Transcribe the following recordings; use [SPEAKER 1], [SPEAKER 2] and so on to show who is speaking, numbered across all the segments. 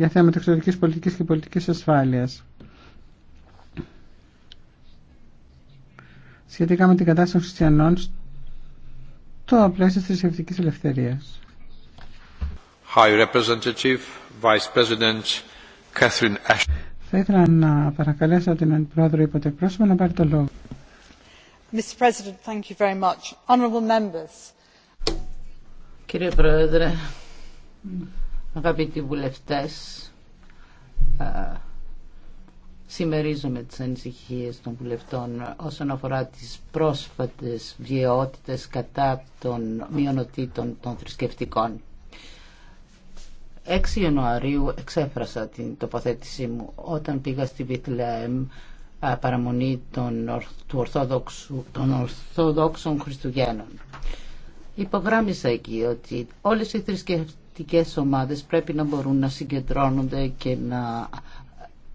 [SPEAKER 1] για θέματα εξωτερικής πολιτικής και πολιτικής ασφάλειας. Σχετικά με την κατάσταση των χριστιανών στο πλαίσιο της θρησκευτικής ελευθερίας.
[SPEAKER 2] High Representative,
[SPEAKER 3] Vice President Catherine Ash...
[SPEAKER 1] Θα ήθελα να παρακαλέσω την Πρόεδρο πρόσωπο να πάρει το λόγο.
[SPEAKER 4] Mr. President, thank you very much. Honorable members.
[SPEAKER 5] Κύριε Πρόεδρε, Αγαπητοί βουλευτές, ε, συμμερίζομαι τις ανησυχίες των βουλευτών όσον αφορά τις πρόσφατες βιαιότητες κατά των μειονοτήτων των θρησκευτικών. 6 Ιανουαρίου εξέφρασα την τοποθέτησή μου όταν πήγα στη Βίτλεμ ε, παραμονή των, του των Ορθόδοξων Χριστουγέννων. Υπογράμμισα εκεί ότι όλες οι θρησκευτικές θρησκευτικές ομάδες πρέπει να μπορούν να συγκεντρώνονται και να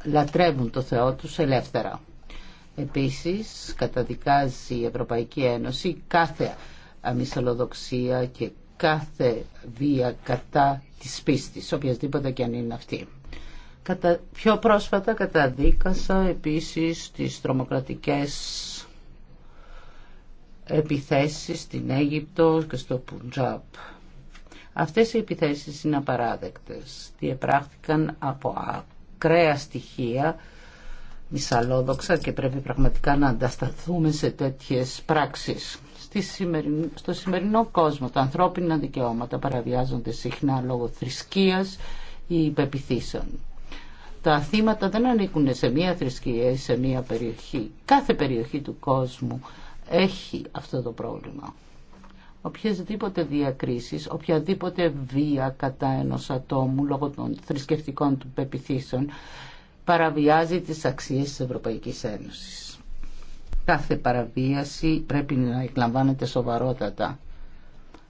[SPEAKER 5] λατρεύουν το Θεό τους ελεύθερα. Επίσης, καταδικάζει η Ευρωπαϊκή Ένωση κάθε αμυσαλλοδοξία και κάθε βία κατά της πίστης, οποιασδήποτε και αν είναι αυτή. Κατα... Πιο πρόσφατα καταδίκασα επίσης τις τρομοκρατικές επιθέσεις στην Αίγυπτο και στο Πουντζάπ. Αυτές οι επιθέσεις είναι απαράδεκτες. Διεπράχθηκαν από ακραία στοιχεία μισαλόδοξα και πρέπει πραγματικά να αντασταθούμε σε τέτοιες πράξεις. Στο σημερινό κόσμο τα ανθρώπινα δικαιώματα παραβιάζονται συχνά λόγω θρησκείας ή υπεπιθύσεων. Τα θύματα δεν ανήκουν σε μία θρησκεία ή σε μία περιοχή. Κάθε περιοχή του κόσμου έχει αυτό το πρόβλημα οποιασδήποτε διακρίσεις, οποιαδήποτε βία κατά ενός ατόμου λόγω των θρησκευτικών του πεπιθήσεων παραβιάζει τις αξίες της Ευρωπαϊκής Ένωσης. Κάθε παραβίαση πρέπει να εκλαμβάνεται σοβαρότατα.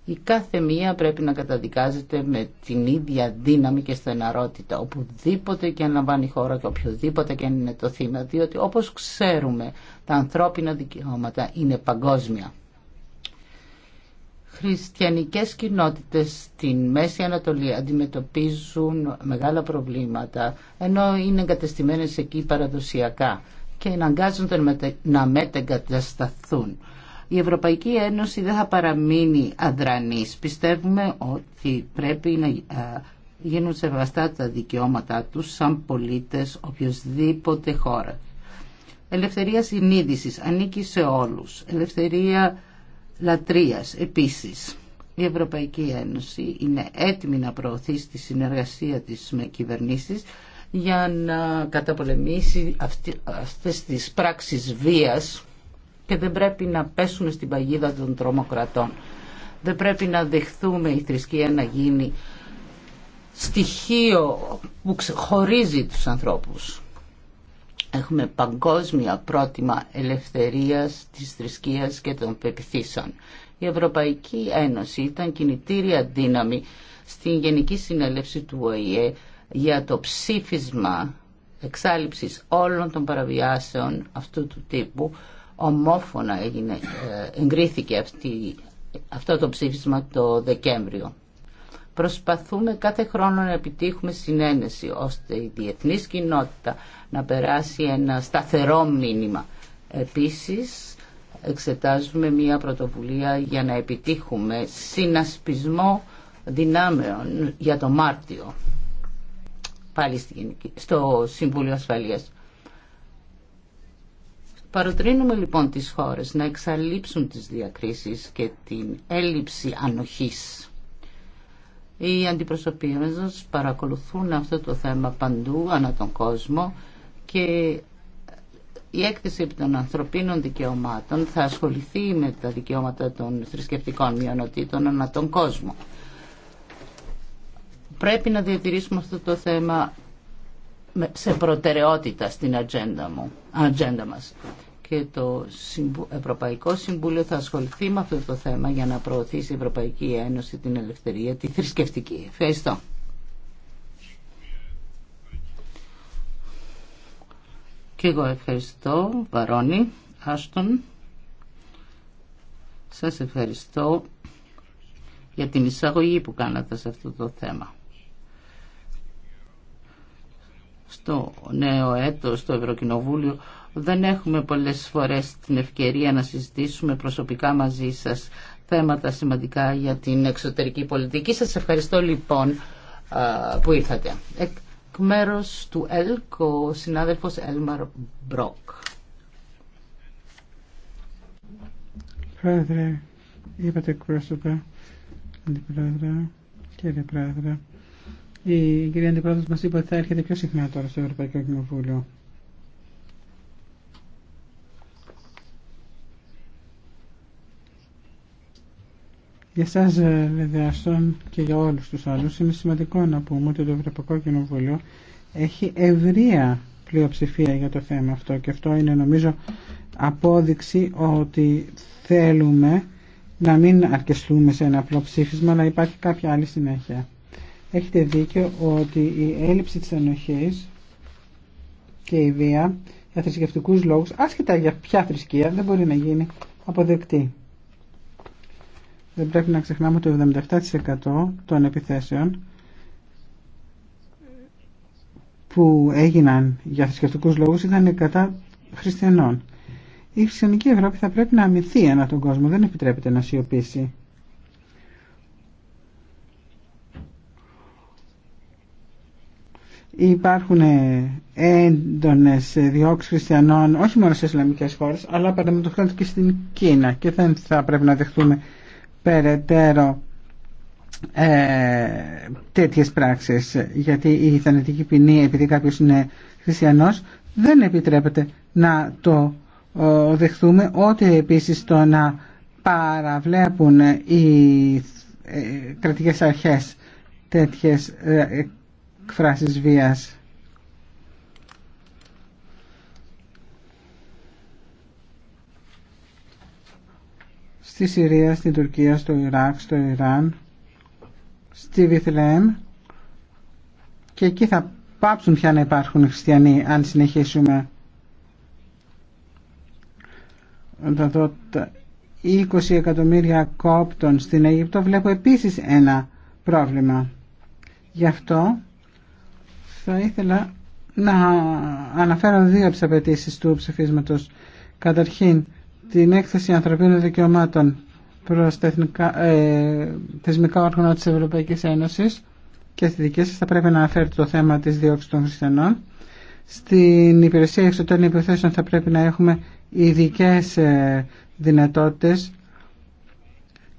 [SPEAKER 5] Η κάθε μία πρέπει να καταδικάζεται με την ίδια δύναμη και στεναρότητα, οπουδήποτε και αν λαμβάνει χώρα και οποιοδήποτε και είναι το θύμα, διότι όπως ξέρουμε τα ανθρώπινα δικαιώματα είναι παγκόσμια χριστιανικές κοινότητες στην Μέση Ανατολή αντιμετωπίζουν μεγάλα προβλήματα ενώ είναι εγκατεστημένες εκεί παραδοσιακά και εναγκάζονται να μετεγκατασταθούν. Η Ευρωπαϊκή Ένωση δεν θα παραμείνει αδρανής. Πιστεύουμε ότι πρέπει να γίνουν σεβαστά τα δικαιώματά τους σαν πολίτες οποιοδήποτε χώρα. Ελευθερία συνείδησης ανήκει σε όλους. Ελευθερία λατρείας επίσης. Η Ευρωπαϊκή Ένωση είναι έτοιμη να προωθήσει τη συνεργασία της με κυβερνήσεις για να καταπολεμήσει αυτές τις πράξεις βίας και δεν πρέπει να πέσουν στην παγίδα των τρομοκρατών. Δεν πρέπει να δεχθούμε η θρησκεία να γίνει στοιχείο που χωρίζει τους ανθρώπους. Έχουμε παγκόσμια πρότυμα ελευθερίας, της θρησκείας και των πεπιθήσεων. Η Ευρωπαϊκή Ένωση ήταν κινητήρια δύναμη στην Γενική Συνέλευση του ΟΗΕ για το ψήφισμα εξάλληψης όλων των παραβιάσεων αυτού του τύπου. Ομόφωνα έγινε, ε, εγκρίθηκε αυτή, αυτό το ψήφισμα το Δεκέμβριο. Προσπαθούμε κάθε χρόνο να επιτύχουμε συνένεση ώστε η διεθνής κοινότητα να περάσει ένα σταθερό μήνυμα. Επίσης, εξετάζουμε μια πρωτοβουλία για να επιτύχουμε συνασπισμό δυνάμεων για το Μάρτιο πάλι στο Συμβούλιο Ασφαλείας. Παροτρύνουμε λοιπόν τις χώρες να εξαλείψουν τις διακρίσεις και την έλλειψη ανοχής. Οι αντιπροσωπείες μας παρακολουθούν αυτό το θέμα παντού ανά τον κόσμο και η έκθεση των ανθρωπίνων δικαιωμάτων θα ασχοληθεί με τα δικαιώματα των θρησκευτικών μειονοτήτων ανά τον κόσμο. Πρέπει να διατηρήσουμε αυτό το θέμα σε προτεραιότητα στην ατζέντα, μου, ατζέντα μας. Και το Ευρωπαϊκό Συμβούλιο θα ασχοληθεί με αυτό το θέμα για να προωθήσει η Ευρωπαϊκή Ένωση την ελευθερία, τη θρησκευτική. Ευχαριστώ. Και εγώ ευχαριστώ, Βαρόνι, Άστον. Σας ευχαριστώ για την εισαγωγή που κάνατε σε αυτό το θέμα. Στο νέο έτος, στο Ευρωκοινοβούλιο, δεν έχουμε πολλές φορές την ευκαιρία να συζητήσουμε προσωπικά μαζί σας θέματα σημαντικά για την εξωτερική πολιτική. Σας ευχαριστώ λοιπόν που ήρθατε. Ε, εκ μέρους του ΕΛΚ ο συνάδελφος Έλμαρ Μπρόκ.
[SPEAKER 1] Πρόεδρε, είπατε εκπρόσωπα, αντιπρόεδρε, κύριε πρόεδρε. Η κυρία Αντιπρόεδρος μας είπε ότι θα έρχεται πιο συχνά τώρα στο Ευρωπαϊκό Κοινοβούλιο. Για εσά, βέβαια και για όλους του άλλου. είναι σημαντικό να πούμε ότι το Ευρωπαϊκό Κοινοβούλιο έχει ευρεία πλειοψηφία για το θέμα αυτό και αυτό είναι νομίζω απόδειξη ότι θέλουμε να μην αρκεστούμε σε ένα απλό ψήφισμα αλλά υπάρχει κάποια άλλη συνέχεια. Έχετε δίκιο ότι η έλλειψη της ανοχής και η βία για θρησκευτικούς λόγους, άσχετα για ποια θρησκεία, δεν μπορεί να γίνει αποδεκτή δεν πρέπει να ξεχνάμε ότι το 77% των επιθέσεων που έγιναν για θρησκευτικού λόγους ήταν κατά χριστιανών. Η χριστιανική Ευρώπη θα πρέπει να αμυθεί ανά τον κόσμο, δεν επιτρέπεται να σιωπήσει. Υπάρχουν έντονες διώξεις χριστιανών όχι μόνο σε Ισλαμικές χώρες αλλά παραδείγματος και στην Κίνα και δεν θα πρέπει να δεχτούμε περαιτέρω ε, τέτοιες πράξεις γιατί η θανατική ποινή επειδή κάποιος είναι χριστιανός δεν επιτρέπεται να το δεχθούμε ότι επίσης το να παραβλέπουν οι ε, κρατικές αρχές τέτοιες ε, εκφράσεις βίας. στη Συρία, στην Τουρκία, στο Ιράκ, στο Ιράν, στη Βιθλέμ και εκεί θα πάψουν πια να υπάρχουν χριστιανοί αν συνεχίσουμε τα 20 εκατομμύρια κόπτων στην Αίγυπτο βλέπω επίσης ένα πρόβλημα γι' αυτό θα ήθελα να αναφέρω δύο από τις απαιτήσει του ψηφίσματος καταρχήν την έκθεση ανθρωπίνων δικαιωμάτων προς ε, θεσμικά όργανα της Ευρωπαϊκής Ένωσης και στη δική σας θα πρέπει να αναφέρετε το θέμα της διώξης των χριστιανών. Στην υπηρεσία εξωτερικών υποθέσεων θα πρέπει να έχουμε ειδικέ ε, δυνατότητες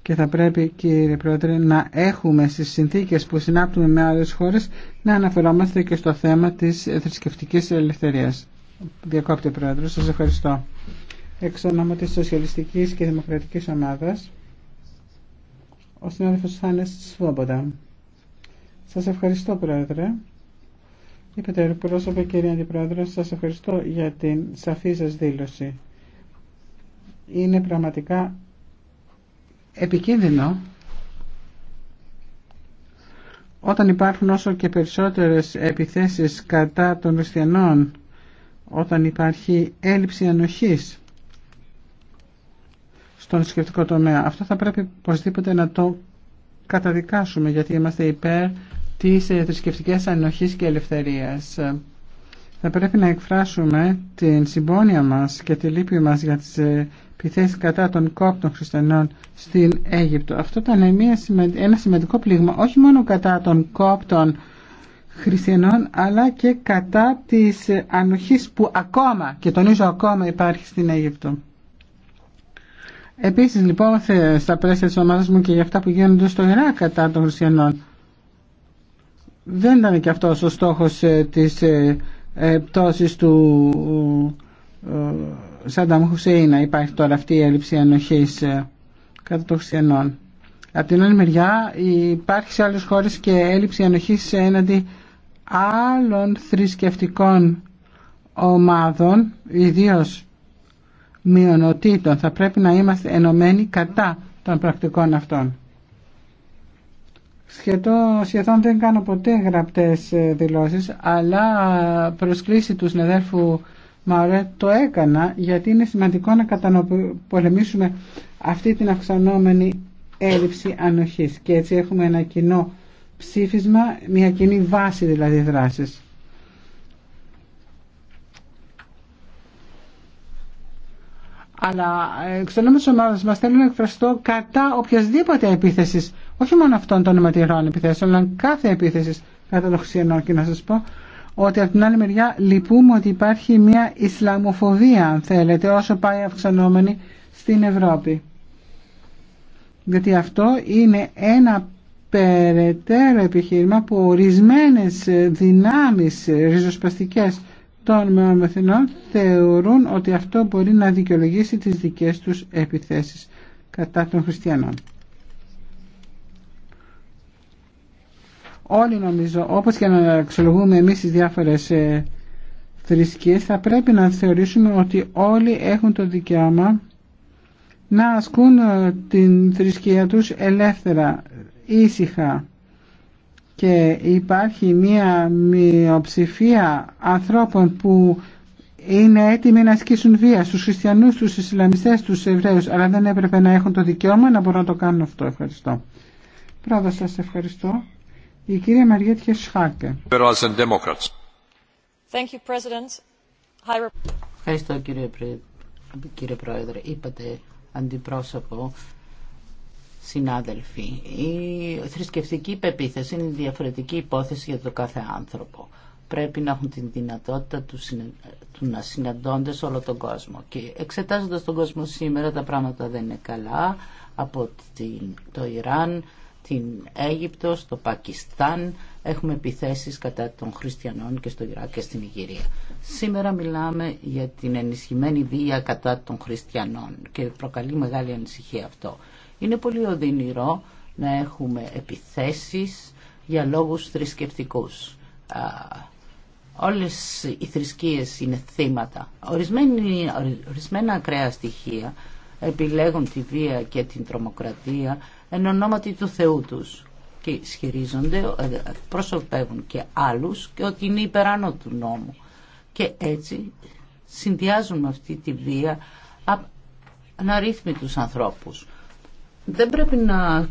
[SPEAKER 1] και θα πρέπει κύριε Πρόεδρε να έχουμε στις συνθήκες που συνάπτουμε με άλλες χώρες να αναφερόμαστε και στο θέμα της θρησκευτικής ελευθερίας. Διακόπτε Πρόεδρο, σας ευχαριστώ εξ ονόματος Σοσιαλιστικής και Δημοκρατικής Ομάδας, ο συνάδελφος Θάνες Σβόμποντα. Σας ευχαριστώ, Πρόεδρε. Είπετε, πρόσωπε, κύριε Αντιπρόεδρε, σας ευχαριστώ για την σαφή σας δήλωση. Είναι πραγματικά επικίνδυνο όταν υπάρχουν όσο και περισσότερες επιθέσεις κατά των χριστιανών, όταν υπάρχει έλλειψη ανοχής στον θρησκευτικό τομέα. Αυτό θα πρέπει οπωσδήποτε να το καταδικάσουμε γιατί είμαστε υπέρ της ε, θρησκευτική ανοχής και ελευθερίας. Θα πρέπει να εκφράσουμε την συμπόνια μας και τη λύπη μας για τις ε, επιθέσεις κατά των κόπτων χριστιανών στην Αίγυπτο. Αυτό ήταν μια, ένα σημαντικό πλήγμα όχι μόνο κατά των κόπτων χριστιανών αλλά και κατά της ε, ανοχής που ακόμα και τονίζω ακόμα υπάρχει στην Αίγυπτο. Επίσης λοιπόν στα πλαίσια της ομάδας μου και για αυτά που γίνονται στο Ιράκ κατά των χριστιανών δεν ήταν και αυτός ο στόχος ε, της ε, ε, πτώσης του Σαντάμ Χουσέινα υπάρχει τώρα αυτή η έλλειψη ενοχής κατά των χριστιανών. Από την άλλη μεριά υπάρχει σε άλλες χώρες και έλλειψη ενοχής έναντι άλλων θρησκευτικών ομάδων, ιδίως μειονοτήτων. Θα πρέπει να είμαστε ενωμένοι κατά των πρακτικών αυτών. Σχεδόν, δεν κάνω ποτέ γραπτές ε, δηλώσεις, αλλά προσκλήσει του συνεδέρφου Μαωρέ το έκανα γιατί είναι σημαντικό να κατανοήσουμε αυτή την αυξανόμενη έλλειψη ανοχής και έτσι έχουμε ένα κοινό ψήφισμα, μια κοινή βάση δηλαδή δράσης. αλλά εξ ονόμα μας ομάδα μα θέλω να εκφραστώ κατά οποιασδήποτε επίθεση, όχι μόνο αυτών των αιματηρών επιθέσεων, αλλά κάθε επίθεση κατά το Και να σα πω ότι από την άλλη μεριά λυπούμε ότι υπάρχει μια Ισλαμοφοβία, αν θέλετε, όσο πάει αυξανόμενη στην Ευρώπη. Γιατί αυτό είναι ένα περαιτέρω επιχείρημα που ορισμένες δυνάμεις ριζοσπαστικές των μεομεθυνών θεωρούν ότι αυτό μπορεί να δικαιολογήσει τις δικές τους επιθέσεις κατά των χριστιανών. Όλοι νομίζω, όπως και να αξιολογούμε εμείς τις διάφορες ε, θρησκείες, θα πρέπει να θεωρήσουμε ότι όλοι έχουν το δικαίωμα να ασκούν ε, την θρησκεία τους ελεύθερα, ήσυχα και υπάρχει μία μειοψηφία ανθρώπων που είναι έτοιμοι να ασκήσουν βία στους χριστιανούς, στους Ισλαμιστές, στους Εβραίους, αλλά δεν έπρεπε να έχουν το δικαίωμα να μπορούν να το κάνουν αυτό. Ευχαριστώ. Πρώτα σας ευχαριστώ. Η κυρία Μαριέτ Χεσχάκε. Ευχαριστώ
[SPEAKER 5] κύριε Πρόεδρε. Είπατε αντιπρόσωπο συνάδελφοι. Η θρησκευτική πεποίθηση είναι διαφορετική υπόθεση για το κάθε άνθρωπο. Πρέπει να έχουν την δυνατότητα του, να συναντώνται σε όλο τον κόσμο. Και εξετάζοντας τον κόσμο σήμερα τα πράγματα δεν είναι καλά από το Ιράν, την Αίγυπτο, στο Πακιστάν. Έχουμε επιθέσεις κατά των χριστιανών και στο Ιράκ και στην Ιγυρία. Σήμερα μιλάμε για την ενισχυμένη βία κατά των χριστιανών και προκαλεί μεγάλη ανησυχία αυτό. Είναι πολύ οδυνηρό να έχουμε επιθέσεις για λόγους θρησκευτικούς. Όλες οι θρησκείες είναι θύματα. ορισμένα ακραία στοιχεία επιλέγουν τη βία και την τρομοκρατία εν ονόματι του Θεού τους και ισχυρίζονται, ε, προσωπεύουν και άλλους και ότι είναι υπεράνω του νόμου. Και έτσι συνδυάζουν αυτή τη βία αναρρύθμιτους ανθρώπους δεν πρέπει να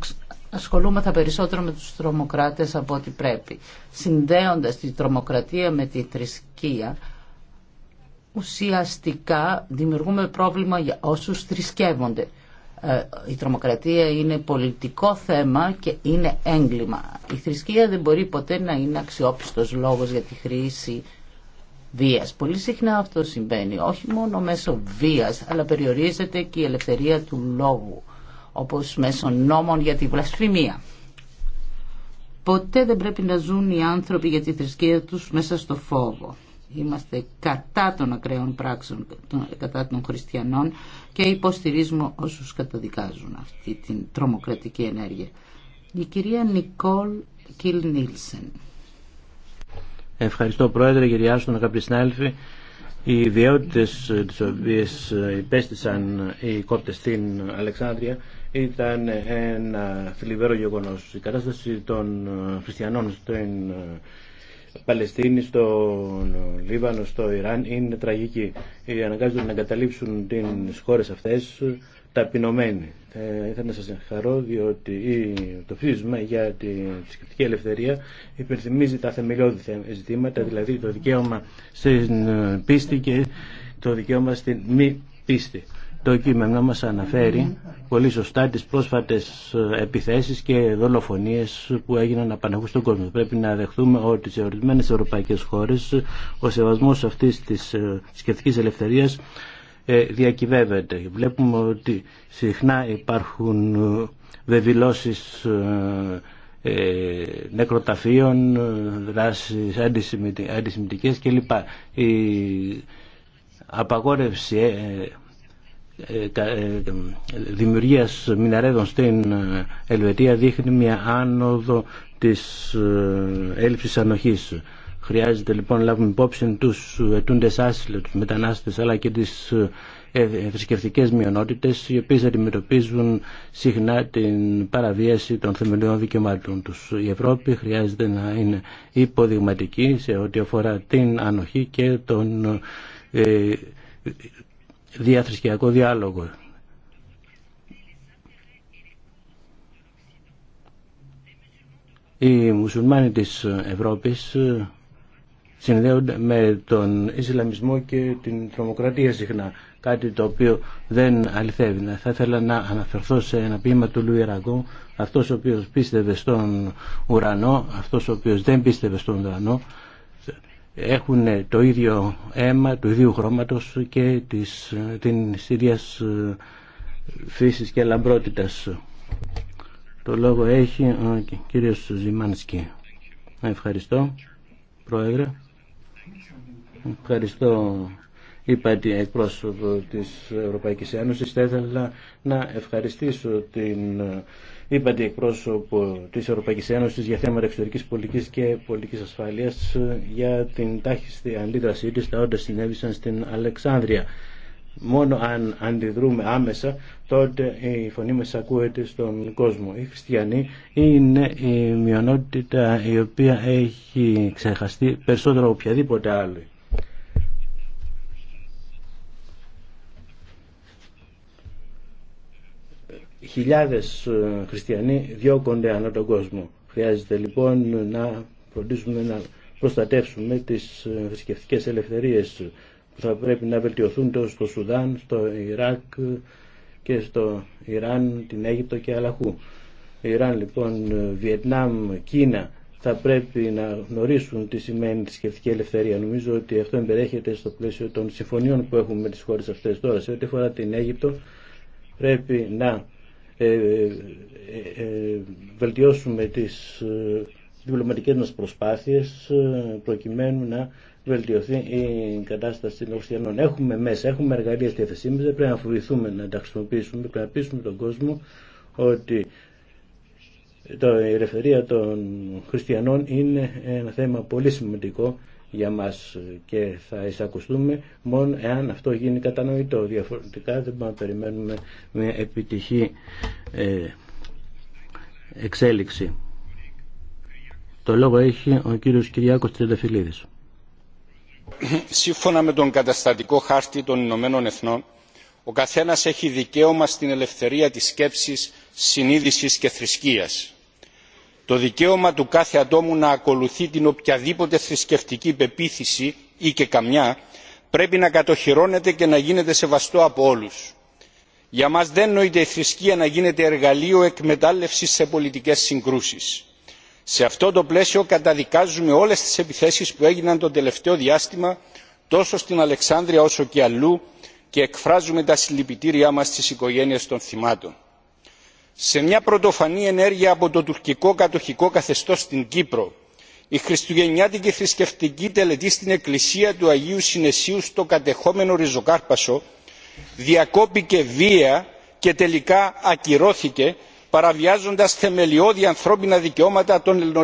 [SPEAKER 5] ασχολούμαστε περισσότερο με τους τρομοκράτες από ό,τι πρέπει. Συνδέοντας τη τρομοκρατία με τη θρησκεία, ουσιαστικά δημιουργούμε πρόβλημα για όσους θρησκεύονται. Ε, η τρομοκρατία είναι πολιτικό θέμα και είναι έγκλημα. Η θρησκεία δεν μπορεί ποτέ να είναι αξιόπιστος λόγος για τη χρήση βίας. Πολύ συχνά αυτό συμβαίνει, όχι μόνο μέσω βίας, αλλά περιορίζεται και η ελευθερία του λόγου όπως μέσω νόμων για τη βλασφημία. Ποτέ δεν πρέπει να ζουν οι άνθρωποι για τη θρησκεία τους μέσα στο φόβο. Είμαστε κατά των ακραίων πράξεων, κατά των χριστιανών και υποστηρίζουμε όσους καταδικάζουν αυτή την τρομοκρατική ενέργεια. Η κυρία Νικόλ Κιλ Νίλσεν.
[SPEAKER 6] Ευχαριστώ Πρόεδρε, κυρία Άστον, αγαπητοί συνάδελφοι. Οι ιδιότητες ε, τις οποίες ε, υπέστησαν οι κόπτες στην Αλεξάνδρεια ήταν ένα θλιβερό γεγονός. Η κατάσταση των ε, χριστιανών στην ε, Παλαιστίνη, στο ε, Λίβανο, στο Ιράν είναι τραγική. Οι αναγκάζονται να εγκαταλείψουν τι χώρε αυτές ταπεινωμένοι. Ε, ήθελα να σας χαρώ διότι το φύσμα για τη θρησκευτική ελευθερία υπενθυμίζει τα θεμελιώδη ζητήματα, δηλαδή το δικαίωμα στην πίστη και το δικαίωμα στην μη πίστη. Το κείμενο μας αναφέρει πολύ σωστά τις πρόσφατες ε, επιθέσεις και δολοφονίες που έγιναν απαναχού στον κόσμο. Πρέπει να δεχθούμε ότι σε ορισμένε ευρωπαϊκές χώρες ο σεβασμός αυτής της ε, σκεφτικής ελευθερίας ε, διακυβεύεται. Βλέπουμε ότι συχνά υπάρχουν βεβηλώσεις νεκροταφείων, δράσεις αντισημιτικές κλπ. Η απαγόρευση ε, ε, δημιουργίας μιναρέδων στην ε, Ελβετία δείχνει μια άνοδο της έλλειψης ανοχής. Χρειάζεται λοιπόν να λάβουμε υπόψη τους ετούντες άσυλο, τους μετανάστες αλλά και τις θρησκευτικέ μειονότητες οι οποίες αντιμετωπίζουν συχνά την παραβίαση των θεμελιών δικαιωμάτων τους. Η Ευρώπη χρειάζεται να είναι υποδειγματική σε ό,τι αφορά την ανοχή και τον διαθρησκευτικό διάλογο. Οι μουσουλμάνοι της Ευρώπης ε, συνδέονται με τον Ισλαμισμό και την τρομοκρατία συχνά, κάτι το οποίο δεν αληθεύει. Θα ήθελα να αναφερθώ σε ένα ποίημα του Λουί Ραγκό, αυτός ο οποίος πίστευε στον ουρανό, αυτός ο οποίος δεν πίστευε στον ουρανό, έχουν το ίδιο αίμα, του ίδιου χρώματος και της, την ίδιας ε, φύσης και λαμπρότητας. Το λόγο έχει ο κύριος Ζημάνσκι. Ευχαριστώ, Πρόεδρε. Ευχαριστώ, είπα την εκπρόσωπο της Ευρωπαϊκής Ένωσης. Θα ήθελα να ευχαριστήσω την είπατε εκπρόσωπο τη Ευρωπαϊκή Ένωσης για θέματα εξωτερικής πολιτικής και πολιτικής ασφαλείας για την τάχιστη αντίδρασή της τα όντα συνέβησαν στην Αλεξάνδρεια. Μόνο αν αντιδρούμε άμεσα, τότε η φωνή μα ακούεται στον κόσμο. Οι χριστιανοί είναι η μειονότητα η οποία έχει ξεχαστεί περισσότερο από οποιαδήποτε άλλη. χιλιάδες ε, χριστιανοί διώκονται ανά τον κόσμο. Χρειάζεται λοιπόν να φροντίσουμε να προστατεύσουμε τις ε, θρησκευτικέ ελευθερίες που θα πρέπει να βελτιωθούν τόσο στο Σουδάν, στο Ιράκ ε, και στο Ιράν, την Αίγυπτο και Αλαχού. Ιράν λοιπόν, Βιετνάμ, Κίνα θα πρέπει να γνωρίσουν τι σημαίνει τη θρησκευτική ελευθερία. Νομίζω ότι αυτό εμπεριέχεται στο πλαίσιο των συμφωνιών που έχουμε με τις χώρες αυτές τώρα. Σε ό,τι αφορά την Αίγυπτο πρέπει να ε, ε, ε, βελτιώσουμε τις διπλωματικές μας προσπάθειες προκειμένου να βελτιωθεί η κατάσταση των χριστιανών. Έχουμε μέσα, έχουμε εργαλεία στη θέση δεν πρέπει να φοβηθούμε να τα χρησιμοποιήσουμε, πρέπει να πείσουμε τον κόσμο ότι η ελευθερία των χριστιανών είναι ένα θέμα πολύ σημαντικό για μας και θα εισακουστούμε μόνο εάν αυτό γίνει κατανοητό. Διαφορετικά δεν μπορούμε να περιμένουμε μια επιτυχή ε, εξέλιξη. Το λόγο έχει ο κύριος Κυριάκος Τριανταφυλλίδης.
[SPEAKER 7] Σύμφωνα με τον καταστατικό χάρτη των Ηνωμένων Εθνών, ο καθένας έχει δικαίωμα στην ελευθερία της σκέψης, συνείδησης και θρησκείας το δικαίωμα του κάθε ατόμου να ακολουθεί την οποιαδήποτε θρησκευτική πεποίθηση ή και καμιά πρέπει να κατοχυρώνεται και να γίνεται σεβαστό από όλους. για μας δεν νοείται η θρησκεία να γίνεται εργαλείο εκμετάλλευσης σε πολιτικές συγκρούσεις. σε αυτό το πλαίσιο καταδικάζουμε όλες τις επιθέσεις που έγιναν το τελευταίο διάστημα τόσο στην αλεξάνδρεια όσο και αλλού και εκφράζουμε τα συλληπιτήριά μας στις οικογένειες των θυμάτων σε μια πρωτοφανή ενέργεια από το τουρκικό κατοχικό καθεστώς στην κύπρο η χριστουγεννιάτικη θρησκευτική τελετή στην εκκλησία του αγίου Συνεσίου στο κατεχόμενο ριζοκάρπασο διακόπηκε βία και τελικά ακυρώθηκε παραβιάζοντας θεμελιώδη ανθρώπινα δικαιώματα των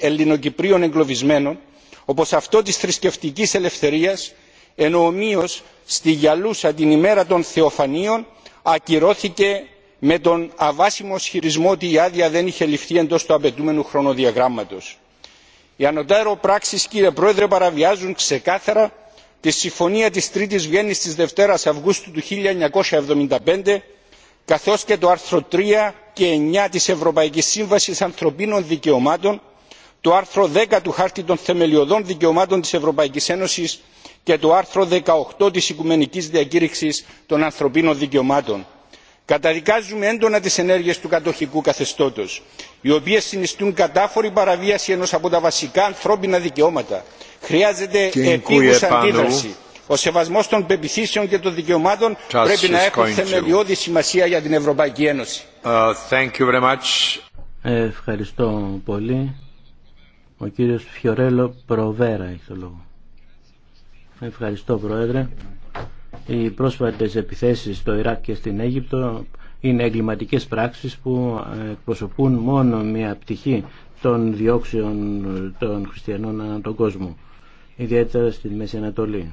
[SPEAKER 7] ελληνοκυπρίων εγκλωβισμένων όπως αυτό της θρησκευτικής ελευθερίας ενώ ομοίως στη γιαλούσα την ημέρα των θεοφανίων ακυρώθηκε με τον αβάσιμο ισχυρισμό ότι η άδεια δεν είχε ληφθεί εντό του απαιτούμενου χρονοδιαγράμματο. οι ανωτέρω πράξει, κύριε πρόεδρε παραβιάζουν ξεκάθαρα τη συμφωνία της Τρίτη βιέννης τη Δευτέρα αυγούστου του 1975 καθώ και το άρθρο 3 και 9 τη Ευρωπαϊκή Σύμβαση Ανθρωπίνων Δικαιωμάτων, το άρθρο 10 του Χάρτη των Θεμελιωδών Δικαιωμάτων τη Ευρωπαϊκή Ένωση και το άρθρο 18 της Οικουμενικής Διακήρυξης των Ανθρωπίνων Δικαιωμάτων καταδικάζουμε έντονα τις ενέργειες του κατοχικού καθεστώτος οι οποίες συνιστούν κατάφορη παραβίαση ενός από τα βασικά ανθρώπινα δικαιώματα. χρειάζεται επίγουσα αντίδραση. ο σεβασμό των πεπιθήσεων και των δικαιωμάτων πρέπει να έχουν θεμελιώδη σημασία για την ευρωπαϊκή ένωση. Ε,
[SPEAKER 6] ε, ευχαριστώ πολύ. Οι πρόσφατες επιθέσεις στο Ιράκ και στην Αίγυπτο είναι εγκληματικές πράξεις που εκπροσωπούν μόνο μια πτυχή των διώξεων των χριστιανών ανά τον κόσμο, ιδιαίτερα στην Μέση Ανατολή.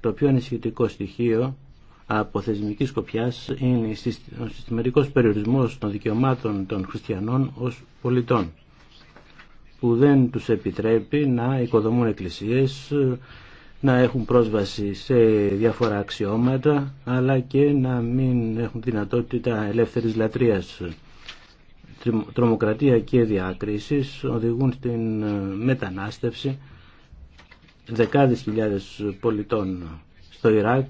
[SPEAKER 6] Το πιο ανησυχητικό στοιχείο από θεσμική σκοπιά είναι ο συστηματικό περιορισμός των δικαιωμάτων των χριστιανών ως πολιτών που δεν τους επιτρέπει να οικοδομούν εκκλησίες, να έχουν πρόσβαση σε διάφορα αξιώματα αλλά και να μην έχουν δυνατότητα ελεύθερης λατρείας. Τρομοκρατία και διάκρισης οδηγούν στην ε, μετανάστευση δεκάδες χιλιάδες πολιτών στο Ιράκ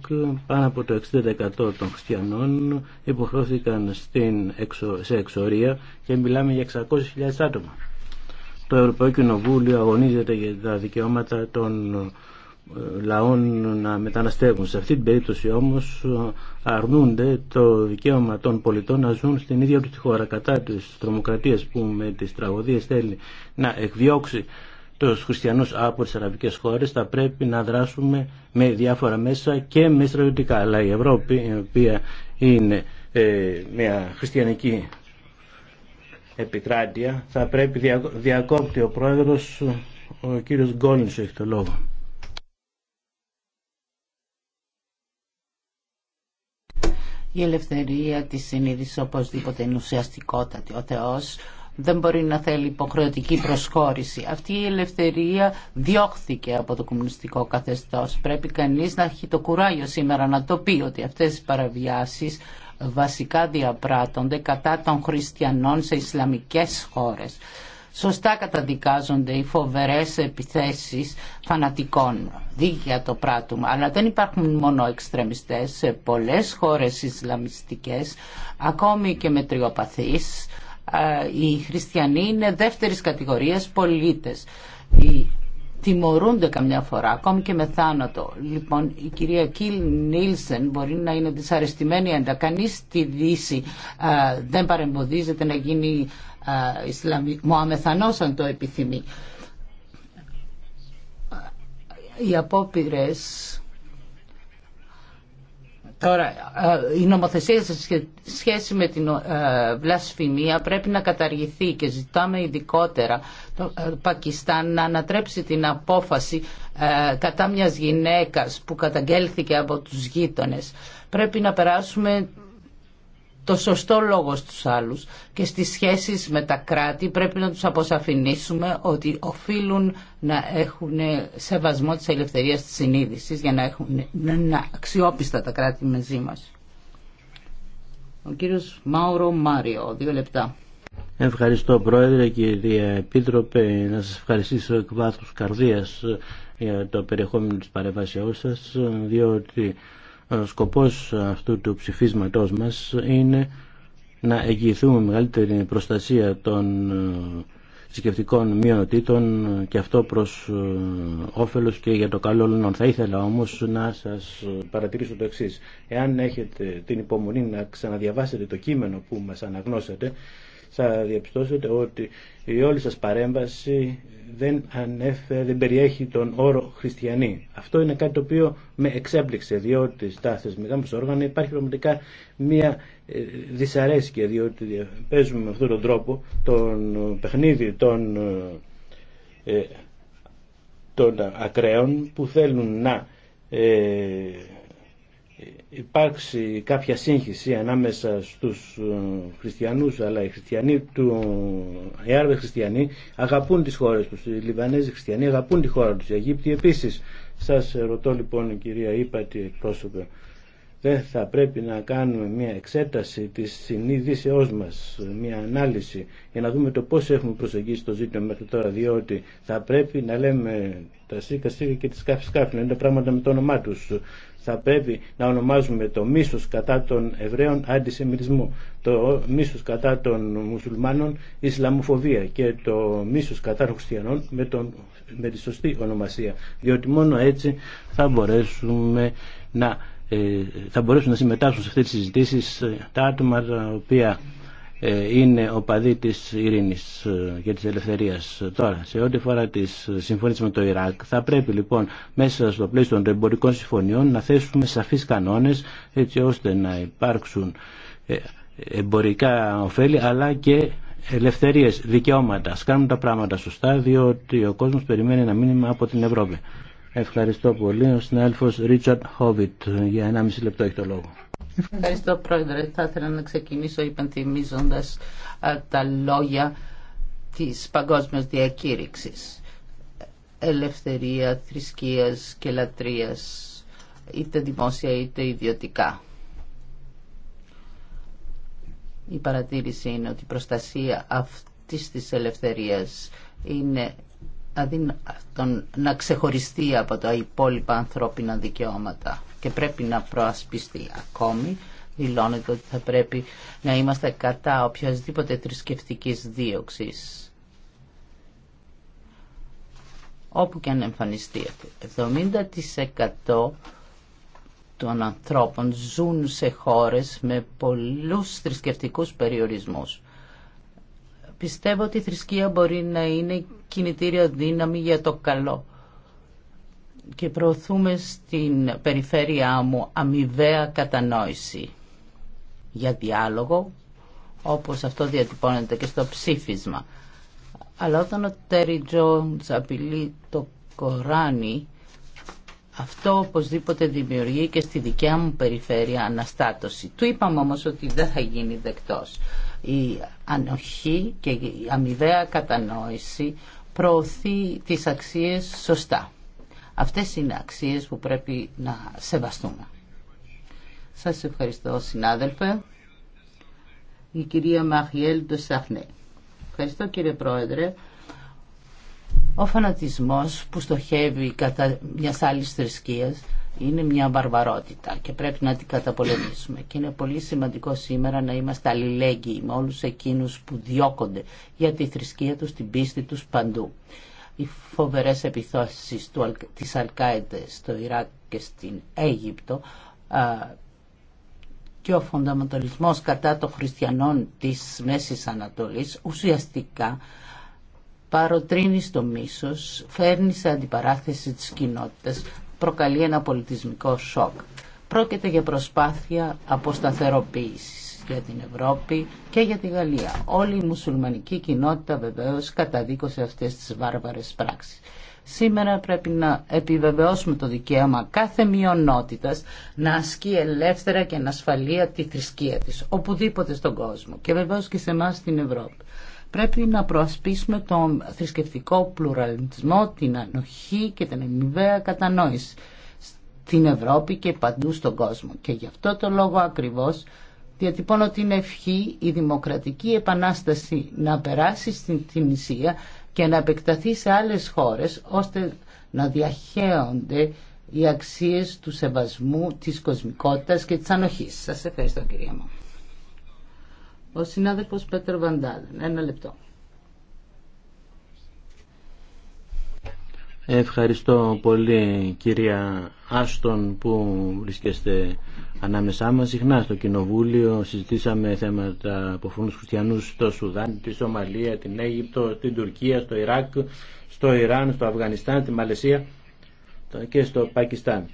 [SPEAKER 6] πάνω από το 60% των χριστιανών υποχρώθηκαν στην, σε εξορία και μιλάμε για 600.000 άτομα. Το Ευρωπαϊκό Κοινοβούλιο αγωνίζεται για τα δικαιώματα των λαών να μεταναστεύουν. Σε αυτή την περίπτωση όμως ε, αρνούνται το δικαίωμα των πολιτών να ζουν στην ίδια του τη χώρα κατά της τρομοκρατίας που με τις τραγωδίες θέλει να εκδιώξει τους χριστιανούς από τις αραβικές χώρες θα πρέπει να δράσουμε με διάφορα μέσα και με στρατιωτικά. Αλλά η Ευρώπη η οποία είναι ε, μια χριστιανική επικράτεια θα πρέπει διακόπτει ο πρόεδρος ο κύριος Γκόλινς έχει το λόγο.
[SPEAKER 5] Η ελευθερία της συνείδησης οπωσδήποτε είναι ουσιαστικότατη. Ο Θεός δεν μπορεί να θέλει υποχρεωτική προσχώρηση. Αυτή η ελευθερία διώχθηκε από το κομμουνιστικό καθεστώς. Πρέπει κανείς να έχει το κουράγιο σήμερα να το πει ότι αυτές οι παραβιάσεις βασικά διαπράττονται κατά των χριστιανών σε ισλαμικές χώρες. Σωστά καταδικάζονται οι φοβερές επιθέσεις φανατικών. Δίκαια το πράττουμε. Αλλά δεν υπάρχουν μόνο εξτρεμιστές. Σε πολλές χώρες Ισλαμιστικές, ακόμη και με τριοπαθείς, οι χριστιανοί είναι δεύτερης κατηγορίας πολίτες. Τιμωρούνται καμιά φορά, ακόμη και με θάνατο. Λοιπόν, η κυρία Κιλ Νίλσεν μπορεί να είναι δυσαρεστημένη, αλλά κανείς στη Δύση δεν παρεμποδίζεται να γίνει μου αμεθανώσαν αν το επιθυμεί. Οι απόπειρε. Τώρα, η νομοθεσία σε σχέση με την βλασφημία πρέπει να καταργηθεί και ζητάμε ειδικότερα το Πακιστάν να ανατρέψει την απόφαση κατά μιας γυναίκας που καταγγέλθηκε από τους γείτονες. Πρέπει να περάσουμε το σωστό λόγο στους άλλους και στις σχέσεις με τα κράτη πρέπει να τους αποσαφηνίσουμε ότι οφείλουν να έχουν σεβασμό της ελευθερίας της συνείδησης για να έχουν να αξιόπιστα τα κράτη μαζί μας. Ο κύριος Μάουρο Μάριο, δύο λεπτά.
[SPEAKER 6] Ευχαριστώ Πρόεδρε, κυρία Επίτροπε, να σας ευχαριστήσω εκ βάθους καρδίας για το περιεχόμενο της παρεμβάσεώς σας, διότι ο σκοπός αυτού του ψηφίσματός μας είναι να εγγυηθούμε μεγαλύτερη προστασία των ε, θρησκευτικών μειονοτήτων και αυτό προς ε, όφελος και για το καλό όλων. Θα ήθελα όμως να σας παρατηρήσω το εξής. Εάν έχετε την υπομονή να ξαναδιαβάσετε το κείμενο που μας αναγνώσατε, θα διαπιστώσετε ότι η όλη σας παρέμβαση δεν, ανέφερε, δεν περιέχει τον όρο χριστιανή. Αυτό είναι κάτι το οποίο με εξέπληξε, διότι στα θεσμικά μας όργανα υπάρχει πραγματικά μια ε, δυσαρέσκεια, διότι ε, παίζουμε με αυτόν τον τρόπο τον ε, παιχνίδι των ακραίων που θέλουν να υπάρξει κάποια σύγχυση ανάμεσα στους ε, χριστιανούς αλλά οι χριστιανοί του οι Άραβες χριστιανοί αγαπούν τις χώρες τους οι Λιβανέζοι χριστιανοί αγαπούν τη χώρα τους οι Αιγύπτιοι επίσης σας ρωτώ λοιπόν κυρία Ήπατη πρόσωπε. δεν θα πρέπει να κάνουμε μια εξέταση της συνείδησεώς μας, μια ανάλυση για να δούμε το πώς έχουμε προσεγγίσει το ζήτημα μέχρι τώρα, διότι θα πρέπει να λέμε τα σίκα σίκα και τις κάφη σκάφη, να είναι πράγματα με το όνομά τους θα πρέπει να ονομάζουμε το μίσος κατά των Εβραίων αντισημιτισμό, το μίσος κατά των Μουσουλμάνων Ισλαμοφοβία και το μίσος κατά των Χριστιανών με, τον, με τη σωστή ονομασία. Διότι μόνο έτσι θα μπορέσουμε να, ε, θα μπορέσουν να συμμετάσχουν σε αυτές τις συζητήσεις ε, τα άτομα τα οποία ε, είναι οπαδοί της ειρήνης ε, και της ελευθερίας τώρα σε ό,τι φορά τις συμφωνίες με το Ιράκ θα πρέπει λοιπόν μέσα στο πλαίσιο των εμπορικών συμφωνιών να θέσουμε σαφείς κανόνες έτσι ώστε να υπάρξουν ε, εμπορικά ωφέλη αλλά και ελευθερίες, δικαιώματα. Ας κάνουν τα πράγματα σωστά διότι ο κόσμος περιμένει ένα μήνυμα από την Ευρώπη. Ευχαριστώ πολύ. Ο συνάδελφος Ρίτσαρτ Χόβιτ για 1,5 λεπτό έχει το λόγο.
[SPEAKER 5] Ευχαριστώ Πρόεδρε. Θα ήθελα να ξεκινήσω υπενθυμίζοντας ε, τα λόγια της παγκόσμιας διακήρυξης. Ελευθερία, θρησκείας και λατρείας, είτε δημόσια είτε ιδιωτικά. Η παρατήρηση είναι ότι η προστασία αυτής της ελευθερίας είναι αδύνατον να ξεχωριστεί από τα υπόλοιπα ανθρώπινα δικαιώματα και πρέπει να προασπιστεί ακόμη δηλώνεται ότι θα πρέπει να είμαστε κατά οποιασδήποτε θρησκευτική δίωξη. όπου και αν εμφανιστεί. 70% των ανθρώπων ζουν σε χώρες με πολλούς θρησκευτικούς περιορισμούς. Πιστεύω ότι η θρησκεία μπορεί να είναι κινητήρια δύναμη για το καλό και προωθούμε στην περιφέρειά μου αμοιβαία κατανόηση για διάλογο όπως αυτό διατυπώνεται και στο ψήφισμα. Αλλά όταν ο Τέρι Τζόντς απειλεί το Κοράνι αυτό οπωσδήποτε δημιουργεί και στη δικιά μου περιφέρεια αναστάτωση. Του είπαμε όμως ότι δεν θα γίνει δεκτός. Η ανοχή και η αμοιβαία κατανόηση προωθεί τις αξίες σωστά. Αυτές είναι αξίες που πρέπει να σεβαστούμε. Σας ευχαριστώ συνάδελφε. Η κυρία Μαχιέλ Ντοσαχνέ. Ευχαριστώ κύριε Πρόεδρε. Ο φανατισμός που στοχεύει κατά μια άλλη θρησκείας είναι μια βαρβαρότητα και πρέπει να την καταπολεμήσουμε. Και είναι πολύ σημαντικό σήμερα να είμαστε αλληλέγγυοι με όλους εκείνους που διώκονται για τη θρησκεία τους, την πίστη τους παντού οι φοβερές επιθώσεις του, της Αλκάιντε στο Ιράκ και στην Αίγυπτο και ο φονταμεταλισμός κατά των χριστιανών της Μέσης Ανατολής ουσιαστικά παροτρύνει στο μίσος, φέρνει σε αντιπαράθεση τις κοινότητες, προκαλεί ένα πολιτισμικό σοκ. Πρόκειται για προσπάθεια αποσταθεροποίησης για την Ευρώπη και για τη Γαλλία. Όλη η μουσουλμανική κοινότητα βεβαίως καταδίκωσε αυτές τις βάρβαρες πράξεις. Σήμερα πρέπει να επιβεβαιώσουμε το δικαίωμα κάθε μειονότητας να ασκεί ελεύθερα και ανασφαλεία τη θρησκεία της, οπουδήποτε στον κόσμο και βεβαίως και σε εμά στην Ευρώπη. Πρέπει να προασπίσουμε τον θρησκευτικό πλουραλισμό, την ανοχή και την αμοιβαία κατανόηση στην Ευρώπη και παντού στον κόσμο. Και γι' αυτό το λόγο ακριβώς διατυπώνω την ευχή η δημοκρατική επανάσταση να περάσει στην Τινησία και να επεκταθεί σε άλλες χώρες ώστε να διαχέονται οι αξίες του σεβασμού, της κοσμικότητας και της ανοχής. Σας ευχαριστώ κυρία μου. Ο συνάδελφος Πέτρο Βαντάλεν. Ένα λεπτό.
[SPEAKER 6] Ευχαριστώ πολύ κυρία Άστον που βρίσκεστε ανάμεσά μας. Συχνά στο Κοινοβούλιο συζητήσαμε θέματα από αφορούν χριστιανούς στο Σουδάν, τη Σομαλία, την Αίγυπτο, την Τουρκία, στο Ιράκ, στο Ιράν, στο Αφγανιστάν, τη Μαλαισία και στο Πακιστάν.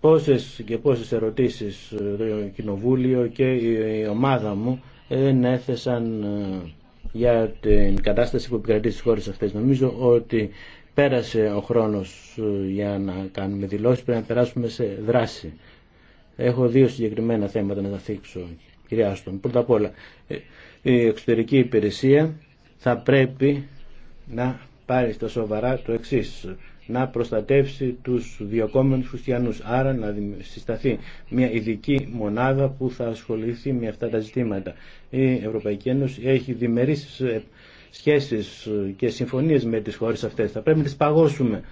[SPEAKER 6] Πόσες και πόσες ερωτήσεις το Κοινοβούλιο και η ομάδα μου δεν έθεσαν ε, για την κατάσταση που επικρατεί στις χώρες αυτές. Νομίζω ότι πέρασε ο χρόνος ε, για να κάνουμε δηλώσεις, πρέπει να περάσουμε σε δράση. Έχω δύο συγκεκριμένα θέματα να τα θίξω, κυρία Άστον. Πρώτα απ' όλα, ε, η εξωτερική υπηρεσία θα πρέπει να πάρει στα σοβαρά το εξής να προστατεύσει τους διακόμενους χριστιανούς. Άρα να συσταθεί μια ειδική μονάδα που θα ασχοληθεί με αυτά τα ζητήματα. Η Ευρωπαϊκή Ένωση έχει διμερείς ε, σχέσεις ε, και συμφωνίες με τις χώρες αυτές. Θα πρέπει να τις παγώσουμε,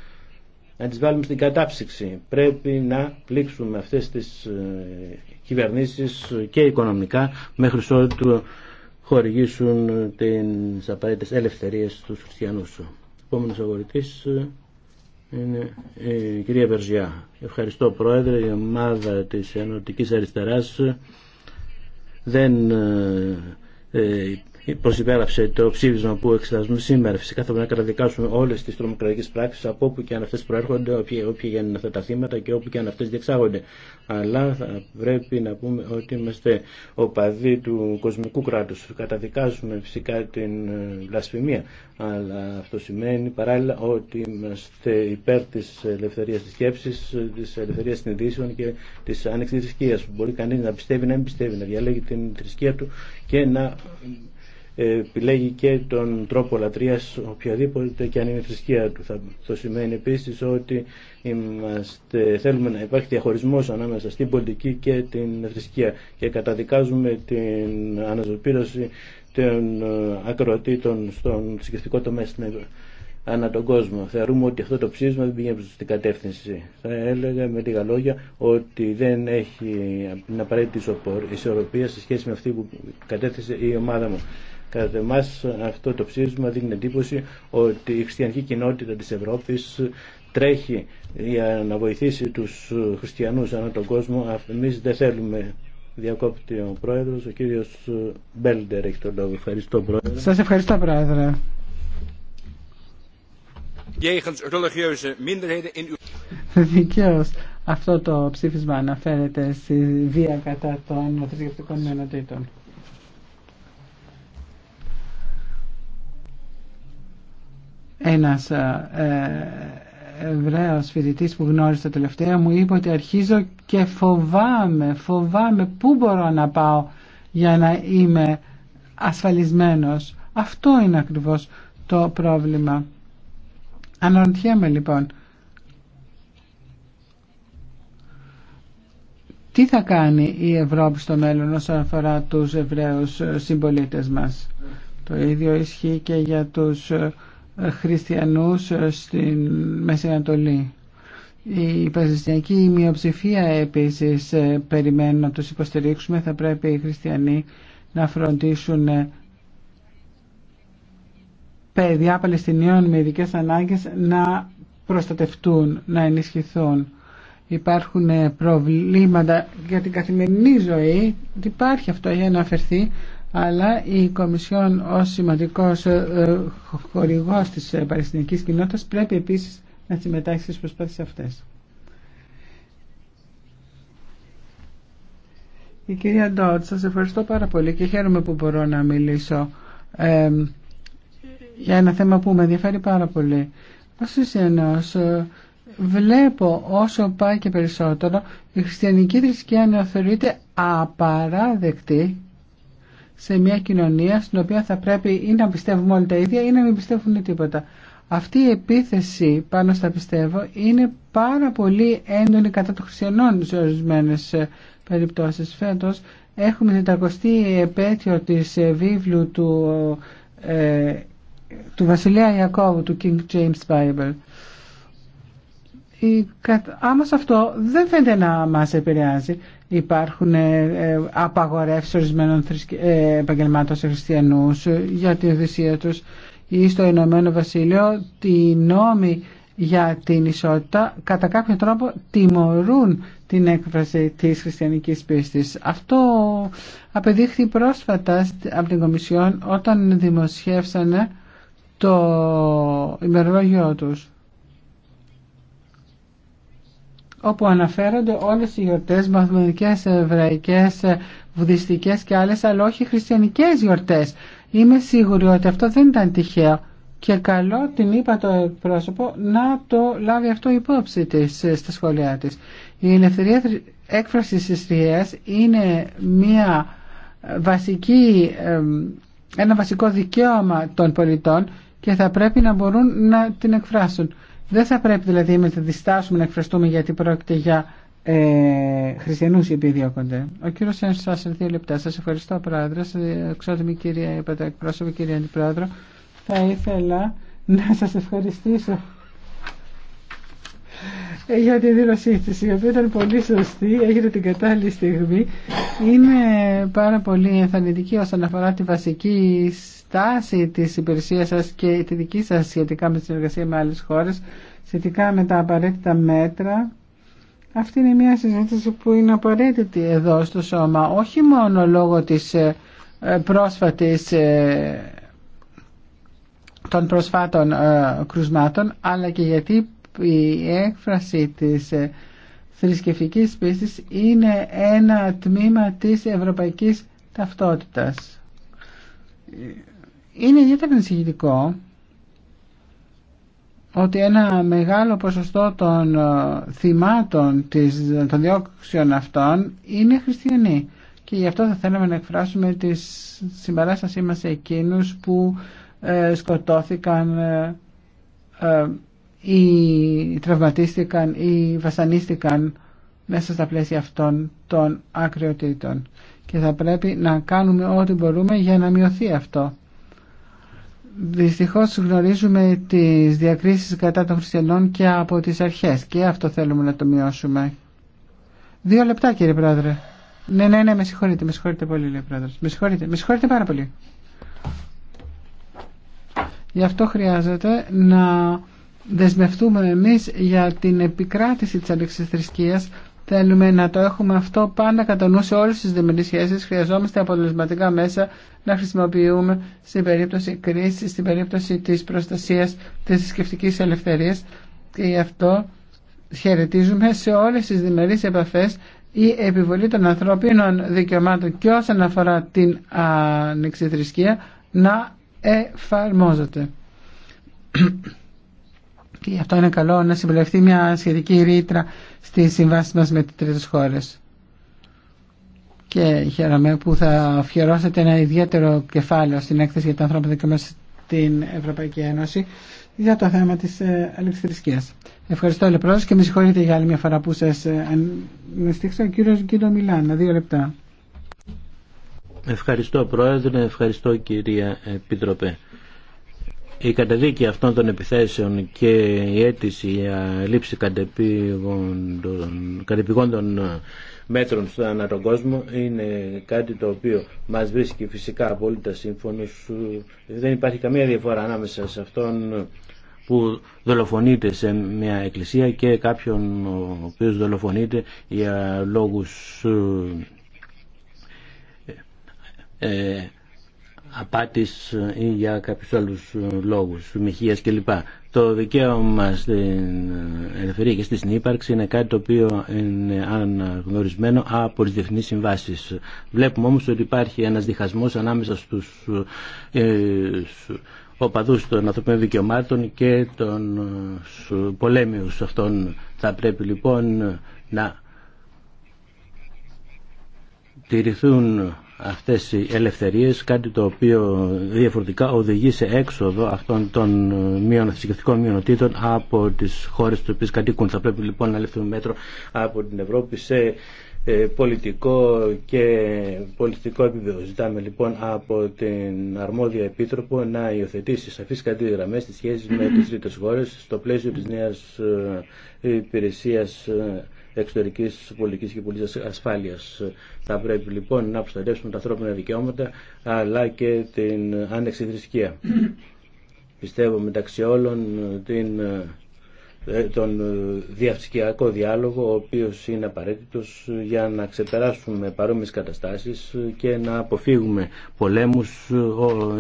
[SPEAKER 6] να τις βάλουμε στην κατάψυξη. Πρέπει να πλήξουμε αυτές τις ε, κυβερνήσεις και οικονομικά μέχρι ότου χορηγήσουν τις απαραίτητες ελευθερίες στους χριστιανούς. Επόμενος αγορητής, είναι η κυρία Βερζιά. Ευχαριστώ Πρόεδρε, η ομάδα της Ενωτικής Αριστεράς δεν ε, ε, προσυπέραψε το ψήφισμα που εξετάζουμε σήμερα. Φυσικά θα πρέπει να καταδικάσουμε όλε τι τρομοκρατικέ πράξει από όπου και αν αυτέ προέρχονται, όποια και αυτά τα θύματα και όπου και αν αυτέ διεξάγονται. Αλλά θα πρέπει να πούμε ότι είμαστε οπαδοί του κοσμικού κράτου. Καταδικάζουμε φυσικά την ε, βλασφημία. Αλλά αυτό σημαίνει παράλληλα ότι είμαστε υπέρ τη ελευθερία τη σκέψη, τη ελευθερία συνειδήσεων και τη άνοιξη τη θρησκεία. Μπορεί κανεί να πιστεύει, να μην πιστεύει, να διαλέγει την θρησκεία του και να επιλέγει και τον τρόπο λατρείας οποιαδήποτε και αν είναι η θρησκεία του. Θα, το σημαίνει επίσης ότι είμαστε, θέλουμε να υπάρχει διαχωρισμός ανάμεσα στην πολιτική και την θρησκεία και καταδικάζουμε την αναζωπήρωση των ε, ακροατήτων στον θρησκευτικό τομέα στην ανά τον κόσμο. Θεωρούμε ότι αυτό το ψήφισμα δεν πηγαίνει προς την κατεύθυνση. Θα έλεγα με λίγα λόγια ότι δεν έχει την απαραίτητη ισορροπία σε σχέση με αυτή που κατέθεσε η ομάδα μου. Κατά εμά αυτό το ψήφισμα δίνει εντύπωση ότι η χριστιανική κοινότητα της Ευρώπης τρέχει για να βοηθήσει τους χριστιανούς ανά τον κόσμο. Εμεί δεν θέλουμε διακόπτη ο πρόεδρος, ο κύριος Μπέλντερ έχει τον
[SPEAKER 7] λόγο. Ευχαριστώ πρόεδρε.
[SPEAKER 6] Σας
[SPEAKER 1] ευχαριστώ πρόεδρε. Δικαίως αυτό το ψήφισμα αναφέρεται στη βία κατά των θρησκευτικών μενοτήτων. Ένας ε, Εβραίος φοιτητής που γνώρισα τελευταία μου είπε ότι αρχίζω και φοβάμαι, φοβάμαι πού μπορώ να πάω για να είμαι ασφαλισμένος. Αυτό είναι ακριβώς το πρόβλημα. Αναρωτιέμαι λοιπόν, τι θα κάνει η Ευρώπη στο μέλλον όσον αφορά τους Εβραίους συμπολίτες μας. Το ίδιο ισχύει και για τους ε, χριστιανούς ε, στην Μέση Ανατολή. Η παλαιστινιακή μειοψηφία επίσης ε, περιμένουν να τους υποστηρίξουμε. Θα πρέπει οι χριστιανοί να φροντίσουν ε, παιδιά Παλαιστινίων με ειδικέ ανάγκες να προστατευτούν, να ενισχυθούν. Υπάρχουν προβλήματα για την καθημερινή ζωή. Υπάρχει αυτό, για να αναφερθεί, αλλά η Κομισιόν ως σημαντικός ε, χορηγός της ε, Παλαιστινικής κοινότητας πρέπει επίσης να συμμετάσχει στις προσπάθειες αυτές. Η κυρία Ντότ, σας ευχαριστώ πάρα πολύ και χαίρομαι που μπορώ να μιλήσω για ένα θέμα που με ενδιαφέρει πάρα πολύ. Ως εσένας, ε, βλέπω όσο πάει και περισσότερο η χριστιανική θρησκεία να θεωρείται απαράδεκτη σε μια κοινωνία στην οποία θα πρέπει ή να πιστεύουμε όλοι τα ίδια ή να μην πιστεύουν τίποτα. Αυτή η επίθεση πάνω στα πιστεύω είναι πάρα πολύ έντονη κατά των χριστιανών σε ορισμένε περιπτώσει. Φέτο έχουμε την 400η επέτειο τη ε, βίβλου του, ε, του Ιακώβου του King James Bible. Η, άμα σε αυτό δεν φαίνεται να μας επηρεάζει υπάρχουν ε, ε, απαγορεύσεις ορισμένων ε, επαγγελμάτων σε χριστιανούς για τη οδυσία τους ή στο Ηνωμένο Βασίλειο τη νόμη για την ισότητα κατά κάποιο τρόπο τιμωρούν την έκφραση της χριστιανικής πίστης. Αυτό απεδείχθη πρόσφατα από την Κομισιόν όταν δημοσιεύσανε το ημερολόγιο τους. όπου αναφέρονται όλες οι γιορτές, μαθηματικές, εβραϊκές, βουδιστικές και άλλες, αλλά όχι χριστιανικές γιορτές. Είμαι σίγουρη ότι αυτό δεν ήταν τυχαίο και καλό την είπα το πρόσωπο να το λάβει αυτό υπόψη της στα σχολεία της. Η ελευθερία έκφρασης της θρησκείας είναι μια βασική, ένα βασικό δικαίωμα των πολιτών και θα πρέπει να μπορούν να την εκφράσουν. Δεν θα πρέπει δηλαδή να διστάσουμε να εκφραστούμε γιατί πρόκειται για ε, χριστιανούς οι οποίοι διώκονται. Ο κύριος σε δύο λεπτά. Σα ευχαριστώ πρόεδρε, εξότιμη κυρία Πατακπρόσωπο, κύριε κυρία αντιπρόεδρο. Θα ήθελα να σα ευχαριστήσω για τη δήλωσή τη, η οποία ήταν πολύ σωστή, έγινε την κατάλληλη στιγμή. Είναι πάρα πολύ ενθαρρυντική όσον αφορά τη βασική στάση της υπηρεσίας σας και τη δική σας σχετικά με τη συνεργασία με άλλες χώρες, σχετικά με τα απαραίτητα μέτρα. Αυτή είναι μια συζήτηση που είναι απαραίτητη εδώ στο σώμα, όχι μόνο λόγω της ε, πρόσφατης ε, των προσφάτων ε, κρουσμάτων, αλλά και γιατί η έκφραση της θρησκευτικής πίστης είναι ένα τμήμα της ευρωπαϊκής ταυτότητας. Είναι ιδιαίτερα ενσυγητικό ότι ένα μεγάλο ποσοστό των ε, θυμάτων των διώξεων αυτών είναι χριστιανοί. Και γι' αυτό θα θέλαμε να εκφράσουμε τη συμπαράστασή μας σε εκείνους που ε, σκοτώθηκαν ε, ή τραυματίστηκαν ή βασανίστηκαν μέσα στα πλαίσια αυτών των ακριοτήτων. Και θα πρέπει να κάνουμε ό,τι μπορούμε για να μειωθεί αυτό. Δυστυχώς γνωρίζουμε τις διακρίσεις κατά των χριστιανών και από τις αρχές και αυτό θέλουμε να το μειώσουμε. Δύο λεπτά κύριε Πρόεδρε. Ναι, ναι, ναι, με συγχωρείτε, με συγχωρείτε πολύ λέει πρόεδρο. Με συγχωρείτε, με συγχωρείτε πάρα πολύ. Γι' αυτό χρειάζεται να δεσμευτούμε εμείς για την επικράτηση της θρησκείας Θέλουμε να το έχουμε αυτό πάντα κατά νου σε όλες τις διμερείς σχέσεις. Χρειαζόμαστε αποτελεσματικά μέσα να χρησιμοποιούμε στην περίπτωση κρίσης, στην περίπτωση της προστασίας της θρησκευτική ελευθερίας και γι' αυτό χαιρετίζουμε σε όλες τις διμερείς επαφές η επιβολή των ανθρώπινων δικαιωμάτων και όσον αφορά την ανεξιθρησκεία να εφαρμόζεται. Και αυτό είναι καλό να συμπληρωθεί μια σχετική ρήτρα στι συμβάσει μα με τι τρίτε χώρε. Και χαίρομαι που θα αφιερώσετε ένα ιδιαίτερο κεφάλαιο στην έκθεση για τα ανθρώπινα δικαιώματα στην Ευρωπαϊκή Ένωση για το θέμα της αλεξιθρησκείας. Ε, ευχαριστώ Λεπρός, και με συγχωρείτε για άλλη μια φορά που σας ε, ανεστήξα. Ο κύριος Γκίνο Μιλάνα, δύο λεπτά.
[SPEAKER 6] Ευχαριστώ Πρόεδρε, ευχαριστώ κυρία Επίτροπε η καταδίκη αυτών των επιθέσεων και η αίτηση για λήψη κατεπηγόντων ε, μέτρων στον ανά κόσμο είναι κάτι το οποίο μας βρίσκει φυσικά απόλυτα σύμφωνος. Δεν υπάρχει καμία διαφορά ανάμεσα σε αυτόν που δολοφονείται σε μια εκκλησία και κάποιον ο οποίος δολοφονείται για λόγους ε, ε, απάτης ε, ή για κάποιους άλλους ε, λόγους, μοιχείας κλπ. Το δικαίωμα στην ε, ελευθερία και στην συνύπαρξη είναι κάτι το οποίο είναι αναγνωρισμένο από τις διεθνείς συμβάσεις. Βλέπουμε όμως ότι υπάρχει ένας διχασμός ανάμεσα στους οπαδούς των ανθρωπίνων δικαιωμάτων και των πολέμιους αυτών. Θα πρέπει λοιπόν να τηρηθούν αυτές οι ελευθερίες, κάτι το οποίο διαφορετικά οδηγεί σε έξοδο αυτών των ε, θρησκευτικών μειονοτήτων από τις χώρες του οποίες κατοίκουν. Θα πρέπει λοιπόν να λεφθούμε μέτρο από την Ευρώπη σε ε, πολιτικό και πολιτικό επίπεδο. Ζητάμε λοιπόν από την αρμόδια επίτροπο να υιοθετήσει σαφείς κατήγραμμες στις σχέσεις με τις τρίτες χώρες στο πλαίσιο της νέας ε, υπηρεσίας εξωτερικής πολιτική και πολιτική ασφάλειας. Θα πρέπει λοιπόν να προστατεύσουμε τα ανθρώπινα δικαιώματα αλλά και την άνεξη θρησκεία. Πιστεύω μεταξύ όλων την ε, τον ε, διαψυχιακό διάλογο ο οποίος είναι απαραίτητος για να ξεπεράσουμε παρόμοιες καταστάσεις και να αποφύγουμε πολέμους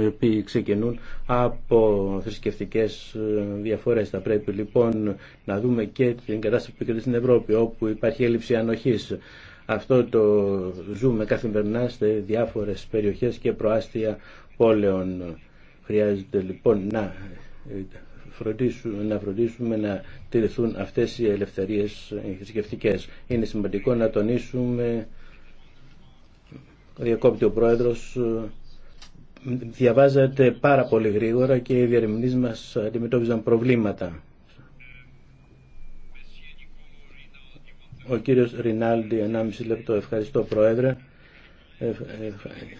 [SPEAKER 6] οι οποίοι ξεκινούν από θρησκευτικέ ε, διαφορές. Θα πρέπει λοιπόν να δούμε και την κατάσταση που στην Ευρώπη όπου υπάρχει έλλειψη ανοχής. Αυτό το ζούμε καθημερινά σε διάφορες περιοχές και προάστια πόλεων. Χρειάζεται λοιπόν να φροντίσουμε, να φροντίσουμε να τηρηθούν αυτές οι ελευθερίες θρησκευτικέ. Είναι σημαντικό να τονίσουμε, διακόπτει ο Πρόεδρος, διαβάζεται πάρα πολύ γρήγορα και οι διαρριμνείς μας αντιμετώπιζαν προβλήματα. Ο κύριος Ρινάλντι, 1,5 λεπτό. Ευχαριστώ Πρόεδρε.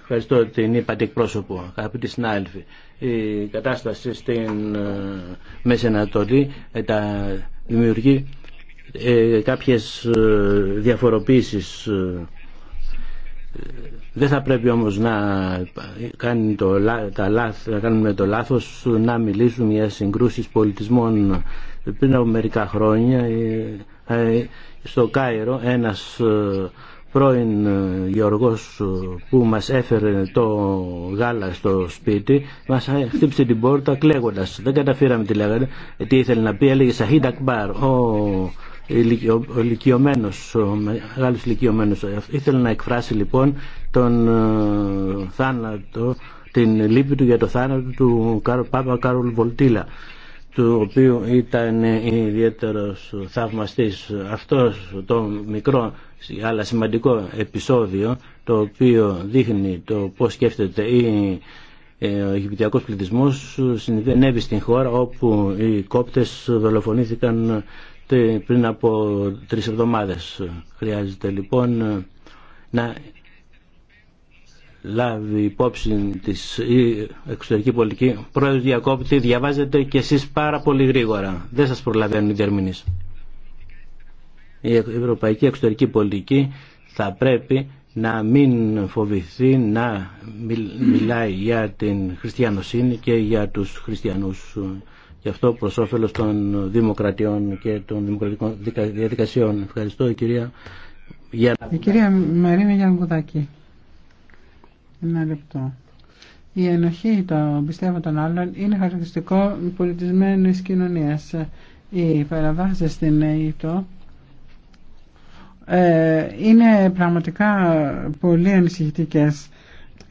[SPEAKER 6] Ευχαριστώ την είπατε εκπρόσωπο, Αγαπητή συνάδελφοι. Η κατάσταση στην ε, Μέση Ανατολή ε, τα δημιουργεί ε, κάποιες διαφοροποίησεις δεν θα πρέπει όμως να, κάνει το, τα να κάνουμε το λάθος να μιλήσουμε για συγκρούσεις πολιτισμών. Πριν από μερικά χρόνια στο Κάιρο ένας πρώην ε, Γιώργος ε, που μας έφερε το γάλα στο σπίτι μας χτύπησε την πόρτα κλαίγοντας δεν καταφύραμε τι λέγανε τι ήθελε να πει έλεγε Σαχίν Ακμπάρ ο ο ηλικιωμένος, μεγάλος ηλικιωμένος ήθελε να εκφράσει λοιπόν τον ε, θάνατο την λύπη του για το θάνατο του Πάπα Κάρολ Βολτίλα του οποίου ήταν ιδιαίτερος θαυμαστής αυτός το μικρό αλλά σημαντικό επεισόδιο το οποίο δείχνει το πώς σκέφτεται η ε, ο Αιγυπτιακός πληθυσμός συνέβη στην χώρα όπου οι κόπτες δολοφονήθηκαν πριν από τρεις εβδομάδες. Χρειάζεται λοιπόν να λάβει υπόψη της η εξωτερική πολιτική. Πρόεδρος διακόπτη, διαβάζετε και εσείς πάρα πολύ γρήγορα. Δεν σας προλαβαίνουν οι διερμηνείς η ευρωπαϊκή εξωτερική πολιτική θα πρέπει να μην φοβηθεί να μιλάει για την χριστιανοσύνη και για τους χριστιανούς Γι' αυτό προ όφελο των δημοκρατιών και των δημοκρατικών διαδικασιών. Ευχαριστώ, η κυρία Η
[SPEAKER 1] κυρία Μαρίνα Γιανγκουδάκη. Ένα λεπτό. Η ενοχή, των πιστεύω των άλλων, είναι χαρακτηριστικό πολιτισμένη κοινωνία. Οι παραβάσει στην ΑΕΤΟ ε, είναι πραγματικά πολύ ανησυχητικές.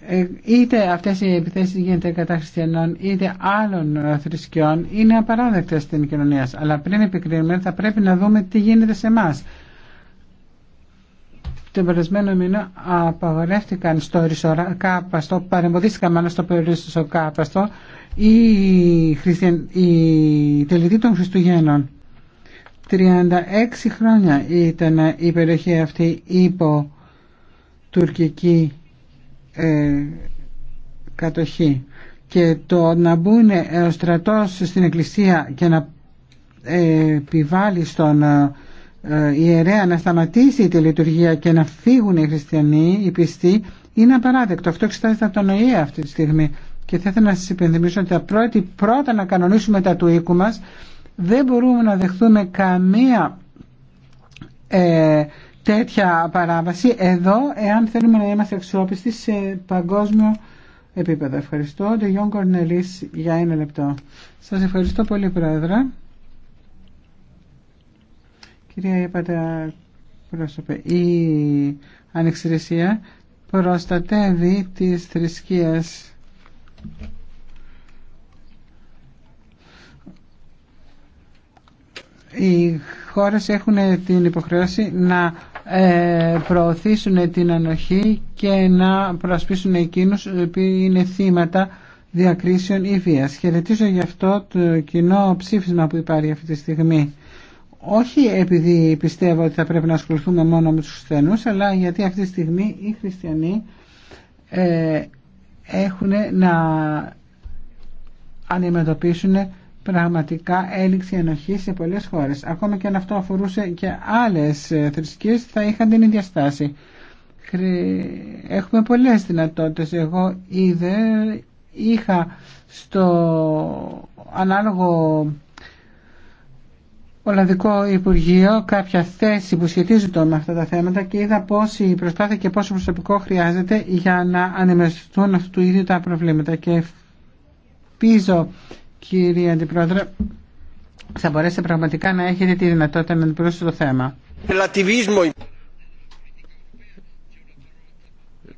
[SPEAKER 1] Ε, είτε αυτές οι επιθέσεις γίνεται κατά χριστιανών είτε άλλων ε, θρησκειών είναι απαράδεκτες στην κοινωνία αλλά πριν επικρίνουμε θα πρέπει να δούμε τι γίνεται σε εμά. Τον περασμένο μήνα απαγορεύτηκαν στο Κάπαστο παρεμποδίστηκαν μάλλον στο Ρισοκάπαστο οι, χριστιαν... η των Χριστουγέννων. 36 χρόνια ήταν η περιοχή αυτή υπό τουρκική ε, κατοχή και το να μπουν ο στρατός στην εκκλησία και να ε, επιβάλλει στον ε, ιερέα να σταματήσει τη λειτουργία και να φύγουν οι χριστιανοί, οι πιστοί, είναι απαράδεκτο. Αυτό εξετάζεται από τον ΟΗΕ αυτή τη στιγμή. Και θα ήθελα να σας υπενθυμίσω ότι πρώτη πρώτα να κανονίσουμε τα του οίκου μας δεν μπορούμε να δεχθούμε καμία ε, τέτοια παράβαση εδώ εάν θέλουμε να είμαστε αξιόπιστοι σε παγκόσμιο επίπεδο. Ευχαριστώ. Το Γιόν Κορνελής για ένα λεπτό. Σας ευχαριστώ πολύ Πρόεδρε. Κυρία Ιεπατα Πρόσωπε, η ανεξηρεσία προστατεύει τις θρησκείες οι χώρες έχουν την υποχρέωση να ε, προωθήσουν την ανοχή και να προασπίσουν εκείνους που είναι θύματα διακρίσεων ή βίας. Χαιρετίζω γι' αυτό το κοινό ψήφισμα που υπάρχει αυτή τη στιγμή. Όχι επειδή πιστεύω ότι θα πρέπει να ασχοληθούμε μόνο με τους στενούς, αλλά γιατί αυτή τη στιγμή οι χριστιανοί ε, έχουν να αντιμετωπίσουν πραγματικά έλλειξη ενοχή σε πολλές χώρες. Ακόμα και αν αυτό αφορούσε και άλλες ε, θρησκείες θα είχαν την ίδια στάση. Έχουμε πολλές δυνατότητες. Εγώ είδε, είχα στο ανάλογο Ολλανδικό Υπουργείο κάποια θέση που σχετίζονται με αυτά τα θέματα και είδα πόση προσπάθεια και πόσο προσωπικό χρειάζεται για να ανεμεστούν αυτού του ίδιου τα προβλήματα και πίζω κύριε Αντιπρόεδρε, θα μπορέσετε πραγματικά να έχετε τη δυνατότητα να αντιπρόσετε το θέμα.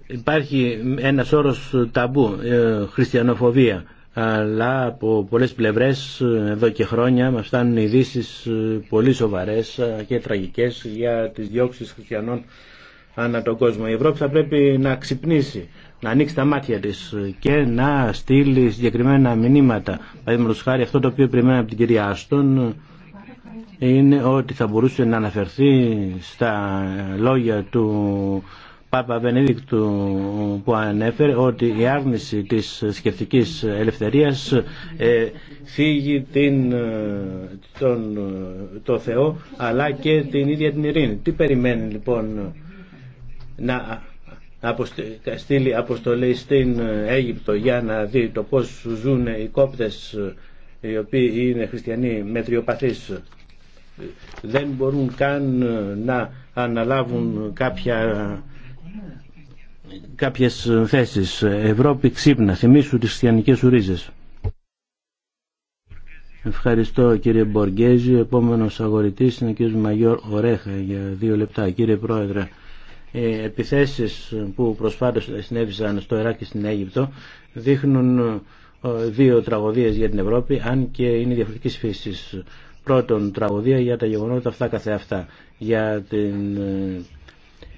[SPEAKER 6] Υπάρχει ένας όρος ταμπού, ε, χριστιανοφοβία, αλλά από πολλές πλευρές ε, εδώ και χρόνια μας φτάνουν ειδήσει ε, πολύ σοβαρές και τραγικές για τις διώξεις χριστιανών ανά τον κόσμο. Η Ευρώπη θα πρέπει να ξυπνήσει να ανοίξει τα μάτια της και να στείλει συγκεκριμένα μηνύματα. Παραδείγματο χάρη αυτό το οποίο περιμένω από την κυρία Άστον είναι ότι θα μπορούσε να αναφερθεί στα λόγια του Πάπα Βενεδίκτου που ανέφερε ότι η άρνηση της σκεφτικής ελευθερίας ε, φύγει ε, τον, ε, το Θεό αλλά και την ίδια την ειρήνη. Τι περιμένει λοιπόν να στείλει αποστολή στην ε, Αίγυπτο για να δει το πώς ζουν οι κόπτες ε, οι οποίοι είναι χριστιανοί μετριοπαθείς δεν μπορούν καν ε, να αναλάβουν κάποια κάποιες θέσεις Ευρώπη ξύπνα θυμίσου τις χριστιανικές σου Ευχαριστώ κύριε Μποργκέζη επόμενος αγορητής είναι ο κύριος Μαγιόρ Ορέχα για δύο λεπτά κύριε Πρόεδρε ε, επιθέσεις που προσφάτως συνέβησαν στο Ιράκ και στην Αίγυπτο δείχνουν ε, δύο τραγωδίες για την Ευρώπη αν και είναι διαφορετικής φύσης. Πρώτον τραγωδία για τα γεγονότα αυτά καθεαυτά για την ε,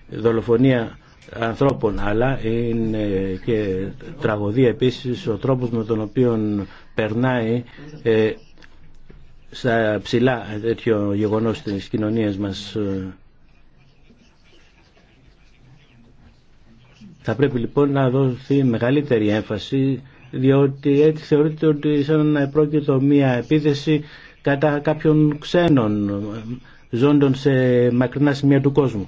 [SPEAKER 6] δολοφονία ανθρώπων αλλά είναι και τραγωδία επίσης ο τρόπος με τον οποίο περνάει στα ψηλά τέτοιο γεγονός της κοινωνίας μας Θα πρέπει λοιπόν να δοθεί μεγαλύτερη έμφαση διότι έτσι θεωρείται ότι σαν να επρόκειτο μία επίθεση κατά κάποιων ξένων ε, ζώντων σε μακρινά σημεία του κόσμου.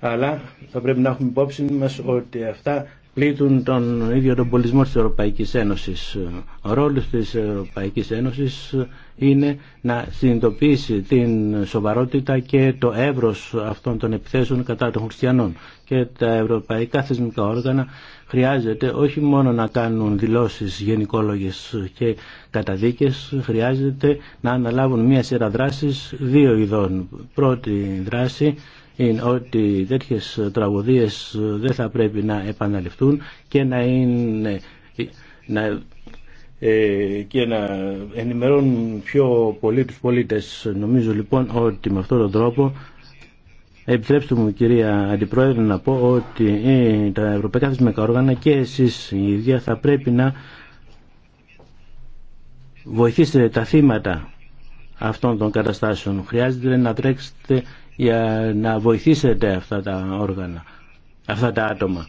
[SPEAKER 6] Αλλά θα πρέπει να έχουμε υπόψη μας ότι αυτά πλήττουν τον ίδιο τον πολιτισμό της Ευρωπαϊκής Ένωσης. Ο ρόλος της Ευρωπαϊκής Ένωσης είναι να συνειδητοποιήσει την σοβαρότητα και το εύρος αυτών των επιθέσεων κατά των χριστιανών. Και τα ευρωπαϊκά θεσμικά όργανα χρειάζεται όχι μόνο να κάνουν δηλώσεις γενικόλογες και καταδίκες, χρειάζεται να αναλάβουν μία σειρά δράσεις δύο ειδών. Πρώτη δράση είναι ότι τέτοιες ε, τραγωδίες ε, δεν θα πρέπει να επαναληφθούν και να είναι να, ε, και να ενημερώνουν πιο πολύ τους πολίτες. Νομίζω λοιπόν ότι με αυτόν τον τρόπο Επιτρέψτε μου κυρία Αντιπρόεδρε να πω ότι ε, τα ευρωπαϊκά θεσμικά όργανα και εσείς η ίδια θα πρέπει να βοηθήσετε τα θύματα αυτών των καταστάσεων. Χρειάζεται να τρέξετε για να βοηθήσετε αυτά τα όργανα, αυτά τα άτομα.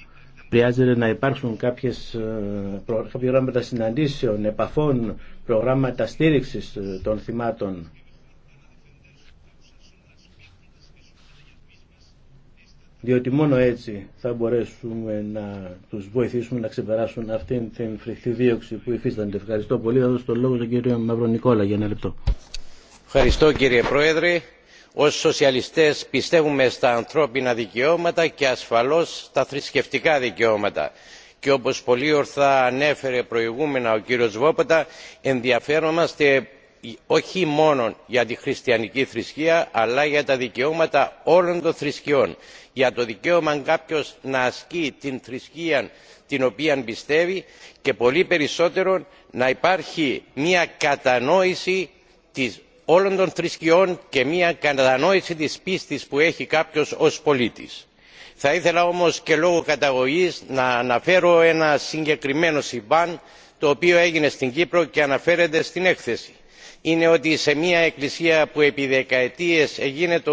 [SPEAKER 6] Χρειάζεται να υπάρξουν κάποιες, ε, προγράμματα συναντήσεων, επαφών, προγράμματα στήριξης ε, των θυμάτων. διότι μόνο έτσι θα μπορέσουμε να τους βοηθήσουμε να ξεπεράσουν αυτήν την φρικτή δίωξη που υφίστανται. Ευχαριστώ πολύ. Θα δώσω το λόγο στον κύριο Μαυρονικόλα για ένα λεπτό.
[SPEAKER 2] Ευχαριστώ κύριε Πρόεδρε ως σοσιαλιστές πιστεύουμε στα ανθρώπινα δικαιώματα και ασφαλώς στα θρησκευτικά δικαιώματα και όπως πολύ ορθά ανέφερε προηγούμενα ο κύριος Βόποτα ενδιαφέρομαστε όχι μόνο για τη χριστιανική θρησκεία αλλά για τα δικαιώματα όλων των θρησκειών για το δικαίωμα κάποιος να ασκεί την θρησκεία την οποία πιστεύει και πολύ περισσότερο να υπάρχει μια κατανόηση της όλων των θρησκειών και μια κατανόηση της πίστης που έχει κάποιος ως πολίτης. θα ήθελα όμως και λόγω καταγωγής να αναφέρω ένα συγκεκριμένο συμβάν το οποίο έγινε στην κύπρο και αναφέρεται στην έκθεση είναι ότι σε μια εκκλησία που επί δεκαετίες γίνεται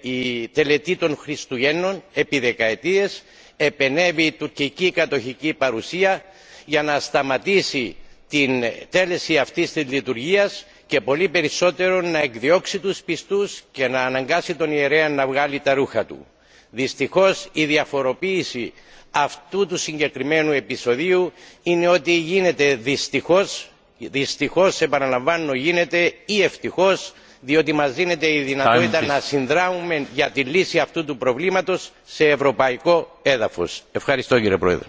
[SPEAKER 2] η τελετή των χριστουγέννων επί δεκαετίες επενέβη η τουρκική κατοχική παρουσία για να σταματήσει την τέλεση αυτής της λειτουργίας και πολύ περισσότερο να εκδιώξει τους πιστούς και να αναγκάσει τον ιερέα να βγάλει τα ρούχα του. δυστυχώς η διαφοροποίηση αυτού του συγκεκριμένου επεισοδίου είναι ότι γίνεται δυστυχώς δυστυχώς επαναλαμβάνω γίνεται ή ευτυχώς διότι μας δίνεται η δυνατότητα να συνδράμουμε για τη λύση αυτού του προβλήματος σε ευρωπαϊκό έδαφος. ευχαριστώ κύριε πρόεδρε.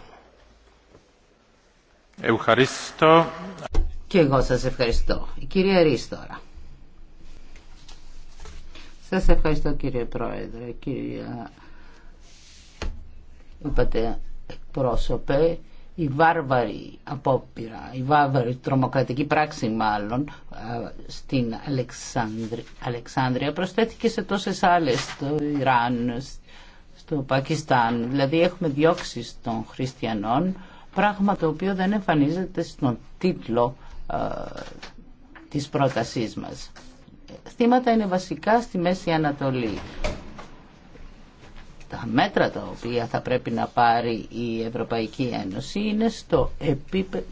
[SPEAKER 5] Και εγώ σας ευχαριστώ. Η κυρία Ρής τώρα. Σας ευχαριστώ κύριε Πρόεδρε, κυρία είπατε εκπρόσωπε, η βάρβαρη απόπειρα, η βάρβαρη τρομοκρατική πράξη μάλλον στην Αλεξάνδρη, Αλεξάνδρεια προσθέθηκε σε τόσες άλλες στο Ιράν, στο Πακιστάν. Δηλαδή έχουμε διώξει των χριστιανών, πράγμα το οποίο δεν εμφανίζεται στον τίτλο ε, της πρότασής μας. Θύματα είναι βασικά στη Μέση Ανατολή. Τα μέτρα τα οποία θα πρέπει να πάρει η Ευρωπαϊκή Ένωση είναι στο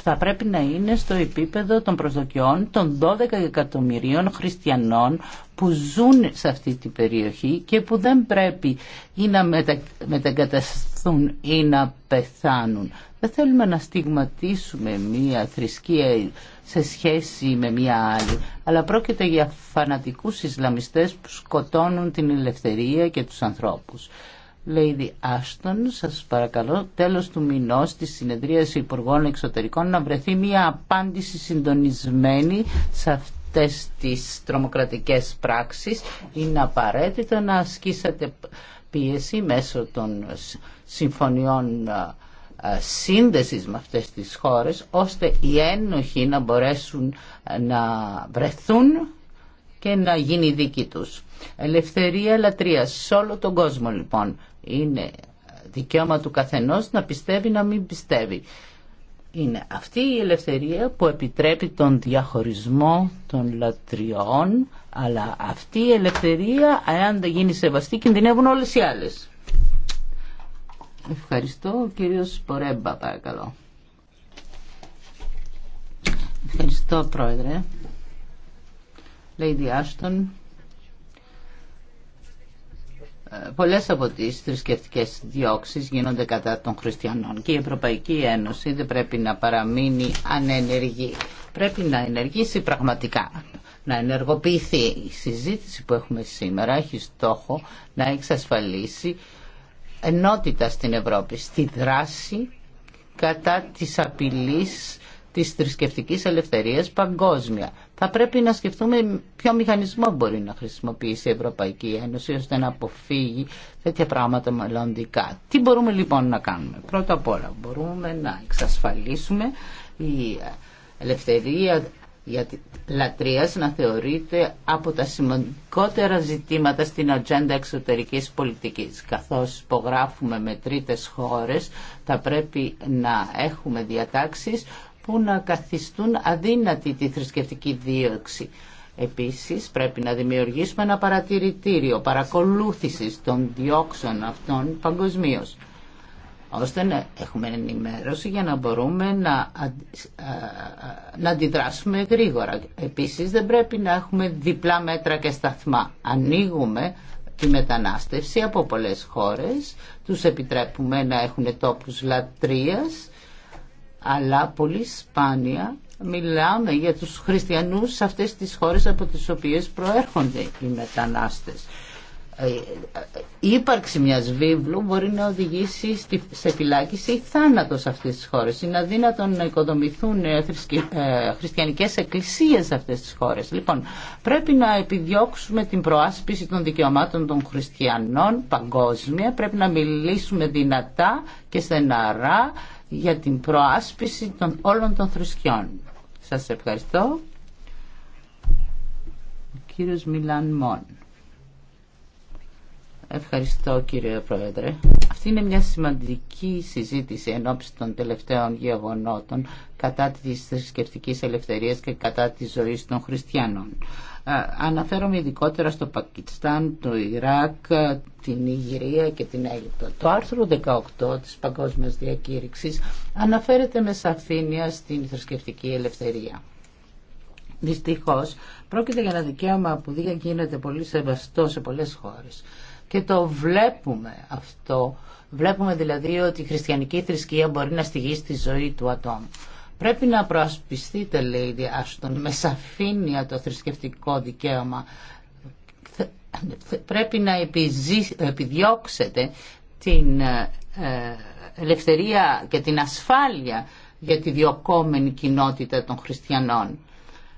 [SPEAKER 5] θα πρέπει να είναι στο επίπεδο των προσδοκιών των 12 εκατομμυρίων χριστιανών που ζουν σε αυτή την περιοχή και που δεν πρέπει ή να μετα... μεταγκαταστούν ή να πεθάνουν. Δεν θέλουμε να στιγματίσουμε μία θρησκεία σε σχέση με μία άλλη, αλλά πρόκειται για φανατικούς Ισλαμιστές που σκοτώνουν την ελευθερία και τους ανθρώπους. Λέιδη Άστον, σας παρακαλώ, τέλος του μηνός στη συνεδρίαση Υπουργών Εξωτερικών να βρεθεί μία απάντηση συντονισμένη σε αυτές τις τρομοκρατικές πράξεις είναι απαραίτητο να ασκήσετε πίεση μέσω των συμφωνιών ε, σύνδεσης με αυτές τις χώρες ώστε οι ένοχοι να μπορέσουν ε, να βρεθούν και να γίνει δίκη τους. Ελευθερία λατρεία σε όλο τον κόσμο λοιπόν είναι δικαίωμα του καθενός να πιστεύει να μην πιστεύει. Είναι αυτή η ελευθερία που επιτρέπει τον διαχωρισμό των λατριών αλλά αυτή η ελευθερία αν δεν γίνει σεβαστή κινδυνεύουν όλες οι άλλες. Ευχαριστώ. Ο κύριος Πορέμπα, παρακαλώ. Ευχαριστώ, Πρόεδρε. Lady Άστον. Ε, πολλές από τις θρησκευτικέ διώξεις γίνονται κατά των χριστιανών και η Ευρωπαϊκή Ένωση δεν πρέπει να παραμείνει ανενεργή. Πρέπει να ενεργήσει πραγματικά, να ενεργοποιηθεί. Η συζήτηση που έχουμε σήμερα έχει στόχο να εξασφαλίσει ενότητα στην Ευρώπη, στη δράση κατά της απειλής της θρησκευτική ελευθερίας παγκόσμια. Θα πρέπει να σκεφτούμε ποιο μηχανισμό μπορεί να χρησιμοποιήσει η Ευρωπαϊκή Ένωση ώστε να αποφύγει τέτοια πράγματα μελλοντικά. Τι μπορούμε λοιπόν να κάνουμε. Πρώτα απ' όλα μπορούμε να εξασφαλίσουμε η ελευθερία για τη λατρείας να θεωρείται από τα σημαντικότερα ζητήματα στην ατζέντα εξωτερικής πολιτικής. Καθώς υπογράφουμε με τρίτες χώρες θα πρέπει να έχουμε διατάξεις που να καθιστούν αδύνατη τη θρησκευτική δίωξη. Επίσης πρέπει να δημιουργήσουμε ένα παρατηρητήριο παρακολούθησης των διώξεων αυτών παγκοσμίως ώστε να έχουμε ενημέρωση για να μπορούμε να, να αντιδράσουμε γρήγορα. Επίσης δεν πρέπει να έχουμε διπλά μέτρα και σταθμά. Ανοίγουμε τη μετανάστευση από πολλές χώρες, τους επιτρέπουμε να έχουν τόπους λατρείας, αλλά πολύ σπάνια μιλάμε για τους χριστιανούς σε αυτές τις χώρες από τις οποίες προέρχονται οι μετανάστες. Ε, ε, η ύπαρξη μιας βίβλου μπορεί να οδηγήσει σε φυλάκιση ή θάνατο σε αυτές τις χώρες. Είναι αδύνατο να οικοδομηθούν ε, χριστιανικές εκκλησίες σε αυτές τις χώρες. Λοιπόν, πρέπει να επιδιώξουμε την προάσπιση των δικαιωμάτων των χριστιανών παγκόσμια. Πρέπει να μιλήσουμε δυνατά και στεναρά για την προάσπιση των όλων των θρησκειών. Σας ευχαριστώ. Ο κύριος Μιλάν Ευχαριστώ κύριε Πρόεδρε. Αυτή είναι μια σημαντική συζήτηση εν ώψη των τελευταίων γεγονότων κατά της θρησκευτική ελευθερίας και κατά της ζωής των χριστιανών. Ε, αναφέρομαι ειδικότερα στο Πακιστάν, το Ιράκ, την Ιγυρία και την Αίγυπτο. Το άρθρο 18 της Παγκόσμιας Διακήρυξης αναφέρεται με σαφήνεια στην θρησκευτική ελευθερία. Δυστυχώς, πρόκειται για ένα δικαίωμα που δεν γίνεται πολύ σεβαστό σε πολλές χώρες και το βλέπουμε αυτό. Βλέπουμε δηλαδή ότι η χριστιανική θρησκεία μπορεί να στηγεί τη ζωή του ατόμου. Πρέπει να προασπιστείτε, λέει η Άστον, με σαφήνεια το θρησκευτικό δικαίωμα. Πρέπει να επιδιώξετε την ε, ελευθερία και την ασφάλεια για τη διοκόμενη κοινότητα των χριστιανών.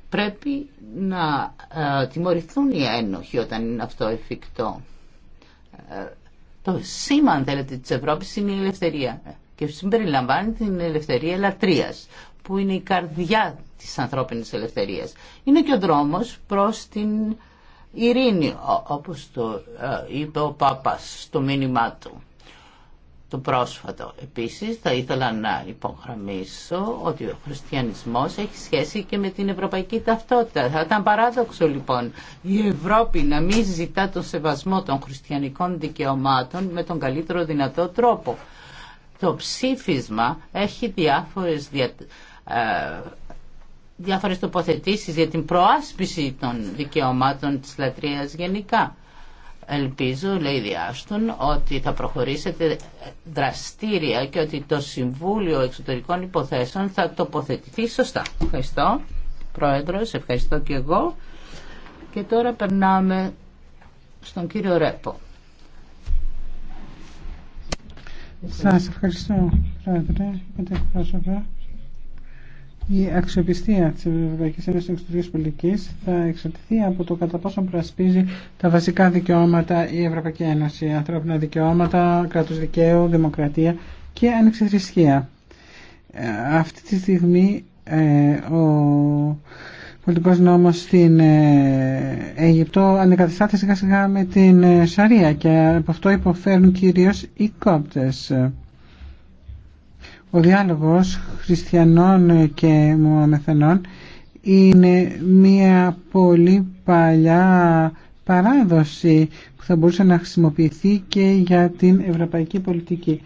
[SPEAKER 5] Πρέπει να ε, τιμωρηθούν οι ένοχοι όταν είναι αυτό εφικτό το σήμα αν θέλετε της Ευρώπης είναι η ελευθερία και συμπεριλαμβάνει την ελευθερία λατρείας που είναι η καρδιά της ανθρώπινης ελευθερίας. Είναι και ο δρόμος προς την ειρήνη όπως το ε, είπε ο Πάπας στο μήνυμά του το πρόσφατο. Επίσης θα ήθελα να υπογραμμίσω ότι ο χριστιανισμός έχει σχέση και με την ευρωπαϊκή ταυτότητα. Θα ήταν παράδοξο λοιπόν η Ευρώπη να μην ζητά τον σεβασμό των χριστιανικών δικαιωμάτων με τον καλύτερο δυνατό τρόπο. Το ψήφισμα έχει διάφορες, δια... Ε, διάφορες τοποθετήσεις για την προάσπιση των δικαιωμάτων της λατρείας γενικά. Ελπίζω, λέει Διάστον, ότι θα προχωρήσετε δραστήρια και ότι το Συμβούλιο Εξωτερικών Υποθέσεων θα τοποθετηθεί σωστά. Ευχαριστώ, Πρόεδρος, ευχαριστώ και εγώ. Και τώρα περνάμε στον κύριο Ρέπο.
[SPEAKER 1] Σας ευχαριστώ, Πρόεδρε, η αξιοπιστία τη Ευρωπαϊκή Ένωση Εξωτερική Πολιτική θα εξαρτηθεί από το κατά πόσο προασπίζει τα βασικά δικαιώματα η Ευρωπαϊκή Ένωση. Ανθρώπινα δικαιώματα, κράτο δικαίου, δημοκρατία και ανεξαρτησία. Ε, αυτή τη στιγμή ε, ο πολιτικό νόμο στην ε, Αίγυπτο ανεκαταστάται σιγά σιγά με την Σαρία και από αυτό υποφέρουν κυρίω οι κόπτε. Ο διάλογος χριστιανών και μουαμεθανών είναι μια πολύ παλιά παράδοση που θα μπορούσε να χρησιμοποιηθεί και για την ευρωπαϊκή πολιτική.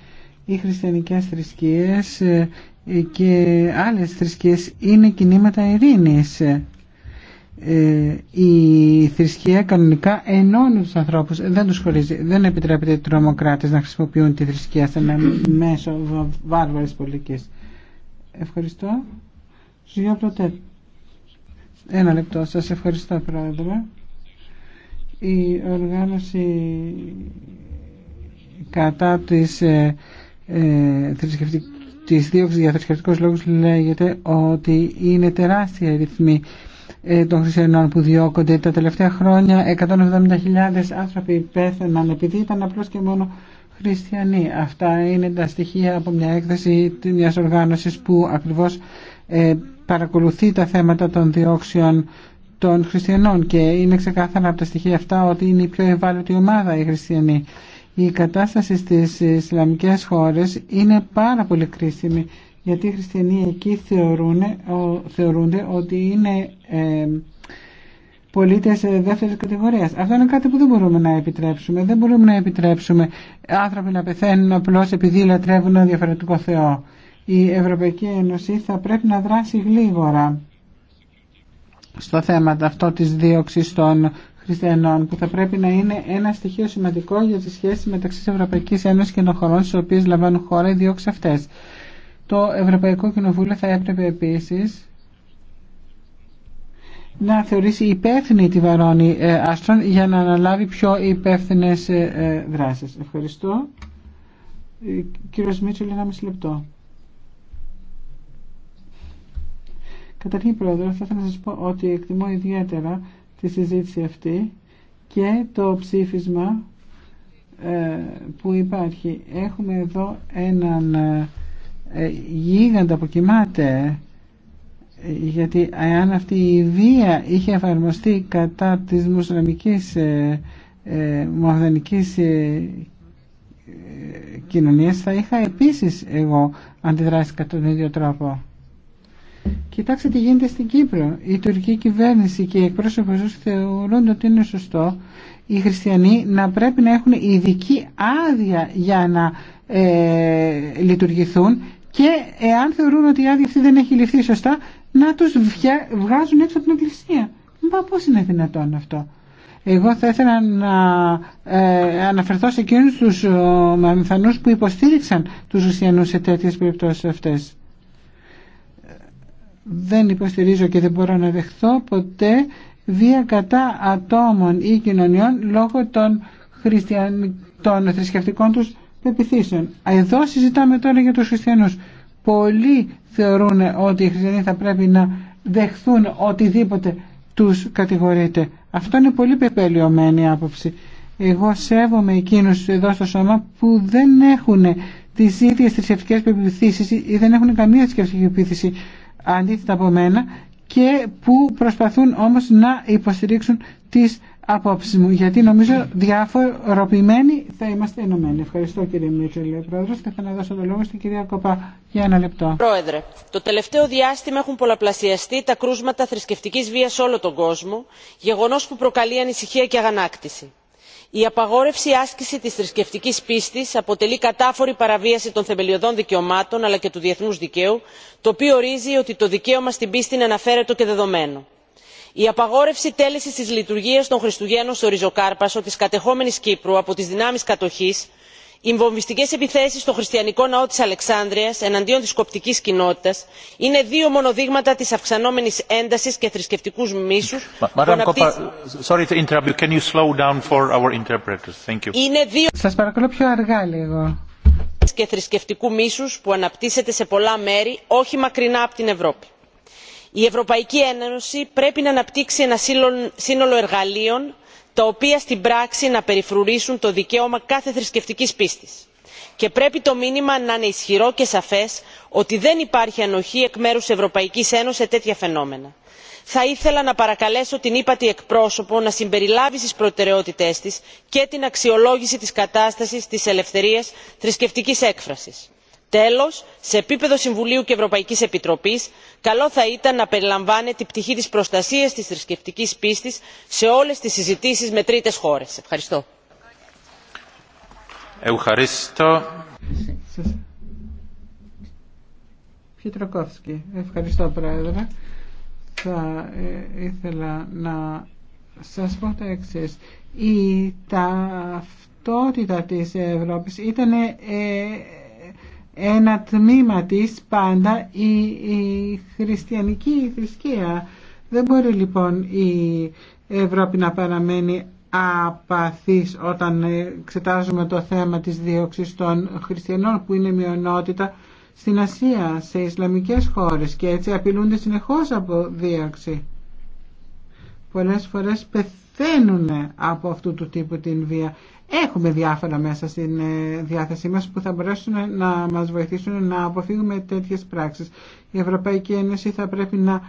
[SPEAKER 1] Οι χριστιανικές θρησκείες και άλλες θρησκείες είναι κινήματα ειρήνης. Ε, η θρησκεία κανονικά ενώνει τους ανθρώπους, δεν τους χωρίζει. Δεν επιτρέπεται οι τρομοκράτες να χρησιμοποιούν τη θρησκεία σε ένα μέσο βάρβαρης πολιτικής. Ευχαριστώ. Πλωτέρ Ένα λεπτό. Σας ευχαριστώ, Πρόεδρε. Η οργάνωση κατά της, ε, ε, της δίωξης για θρησκευτικούς λόγους λέγεται ότι είναι τεράστια ρυθμή ε, των χριστιανών που διώκονται. Τα τελευταία χρόνια 170.000 άνθρωποι πέθαναν επειδή ήταν απλώ και μόνο χριστιανοί. Αυτά είναι τα στοιχεία από μια έκθεση μια οργάνωση που ακριβώς ε, παρακολουθεί τα θέματα των διώξεων των χριστιανών και είναι ξεκάθαρα από τα στοιχεία αυτά ότι είναι η πιο ευάλωτη ομάδα οι χριστιανοί. Η κατάσταση στις Ισλαμικές χώρες είναι πάρα πολύ κρίσιμη γιατί οι χριστιανοί εκεί θεωρούνται ότι είναι ε, πολίτες δεύτερης κατηγορίας. Αυτό είναι κάτι που δεν μπορούμε να επιτρέψουμε. Δεν μπορούμε να επιτρέψουμε άνθρωποι να πεθαίνουν απλώ επειδή λατρεύουν ένα διαφορετικό Θεό. Η Ευρωπαϊκή Ένωση θα πρέπει να δράσει γλίγορα στο θέμα αυτό της δίωξης των χριστιανών που θα πρέπει να είναι ένα στοιχείο σημαντικό για τη σχέση μεταξύ της Ευρωπαϊκής Ένωσης και των χωρών στις οποίες λαμβάνουν χώρα οι διώξεις αυτές. Το Ευρωπαϊκό Κοινοβούλιο θα έπρεπε επίσης να θεωρήσει υπεύθυνη τη Βαρόνη ε, Άστρον για να αναλάβει πιο υπεύθυνε ε, ε, δράσεις. Ευχαριστώ. Κύριος Μίτσολ, ένα μισή λεπτό. Καταρχήν, Πρόεδρε, θα ήθελα να σας πω ότι εκτιμώ ιδιαίτερα τη συζήτηση αυτή και το ψήφισμα που υπάρχει. Έχουμε εδώ έναν ε, γίγαντα που κοιμάται ε, γιατί αν αυτή η βία είχε εφαρμοστεί κατά της μουσουλμανικής ε, ε, ε, κοινωνίας θα είχα επίσης εγώ αντιδράσει κατά τον ίδιο τρόπο. Κοιτάξτε τι γίνεται στην Κύπρο. Η τουρκική κυβέρνηση και οι εκπρόσωποι τους θεωρούν ότι είναι σωστό οι χριστιανοί να πρέπει να έχουν ειδική άδεια για να ε, λειτουργηθούν και εάν θεωρούν ότι η άδεια αυτή δεν έχει ληφθεί σωστά, να τους βγάζουν έξω από την εκκλησία. Μα πώς είναι δυνατόν αυτό. Εγώ θα ήθελα να ε, αναφερθώ σε εκείνους τους μαμιθανούς που υποστήριξαν τους Ρουσιανούς σε τέτοιες περιπτώσεις αυτές. Δεν υποστηρίζω και δεν μπορώ να δεχθώ ποτέ βία κατά ατόμων ή κοινωνιών λόγω των, χριστιαν... των θρησκευτικών τους πεπιθήσεων. Εδώ συζητάμε τώρα για τους χριστιανούς. Πολλοί θεωρούν ότι οι χριστιανοί θα πρέπει να δεχθούν οτιδήποτε τους κατηγορείται. Αυτό είναι πολύ πεπελειωμένη άποψη. Εγώ σέβομαι εκείνους εδώ στο σώμα που δεν έχουν τις ίδιες θρησκευτικές πεπιθήσεις ή δεν έχουν καμία θρησκευτική πεπιθήση αντίθετα από μένα και που προσπαθούν όμως να υποστηρίξουν τις απόψη μου, γιατί νομίζω διαφοροποιημένοι θα είμαστε ενωμένοι. Ευχαριστώ κύριε Μίτσελ, πρόεδρο, και θα να δώσω το λόγο στην κυρία Κοπά για ένα λεπτό.
[SPEAKER 8] Πρόεδρε, το τελευταίο διάστημα έχουν πολλαπλασιαστεί τα κρούσματα θρησκευτική βία σε όλο τον κόσμο, γεγονό που προκαλεί ανησυχία και αγανάκτηση. Η απαγόρευση άσκηση τη θρησκευτική πίστη αποτελεί κατάφορη παραβίαση των θεμελιωδών δικαιωμάτων αλλά και του διεθνού δικαίου, το οποίο ορίζει ότι το δικαίωμα στην πίστη είναι αναφέρετο και δεδομένο η απαγόρευση τέλεσης της λειτουργίας των χριστουγέννων στο ριζοκάρπασο της κατεχόμενης κύπρου από τις δυνάμεις κατοχής οι βομβιστικές επιθέσεις στο χριστιανικό ναό της αλεξάνδρειας εναντίον της κοπτικής κοινότητας είναι δύο μόνο δείγματα της αυξανόμενης έντασης και θρησκευτικού μίσους που αναπτύσσεται σε πολλά μέρη όχι μακρινά από την ευρώπη η ευρωπαϊκή ένωση πρέπει να αναπτύξει ένα σύνολο εργαλείων τα οποία στην πράξη να περιφρουρήσουν το δικαίωμα κάθε θρησκευτικής πίστης και πρέπει το μήνυμα να είναι ισχυρό και σαφές ότι δεν υπάρχει ανοχή εκ μέρους της ευρωπαϊκής ένωσης σε τέτοια φαινόμενα. θα ήθελα να παρακαλέσω την ύπατη εκπρόσωπο να συμπεριλάβει στις προτεραιότητές της και την αξιολόγηση της κατάστασης της ελευθερίας θρησκευτικής έκφρασης τέλος σε επίπεδο συμβουλίου και ευρωπαϊκής επιτροπής καλό θα ήταν να περιλαμβάνει την πτυχή της προστασίας της θρησκευτικής πίστης σε όλες τις συζητήσεις με τρίτες χώρες. ευχαριστώ.
[SPEAKER 1] Ευχαριστώ Πρόεδρε. Θα ε, ήθελα να σας πω το εξής. Η ταυτότητα της Ευρώπης ήταν ε, ένα τμήμα της πάντα η, η χριστιανική θρησκεία. Δεν μπορεί λοιπόν η Ευρώπη να παραμένει απαθής όταν εξετάζουμε το θέμα της δίωξης των χριστιανών που είναι μειονότητα στην Ασία, σε Ισλαμικές χώρες και έτσι απειλούνται συνεχώς από δίωξη. Πολλές φορές πεθαίνουν από αυτού του τύπου την βία. Έχουμε διάφορα μέσα στην ε, διάθεσή μας που θα μπορέσουν να μας βοηθήσουν να αποφύγουμε τέτοιες πράξεις. Η Ευρωπαϊκή Ένωση θα πρέπει να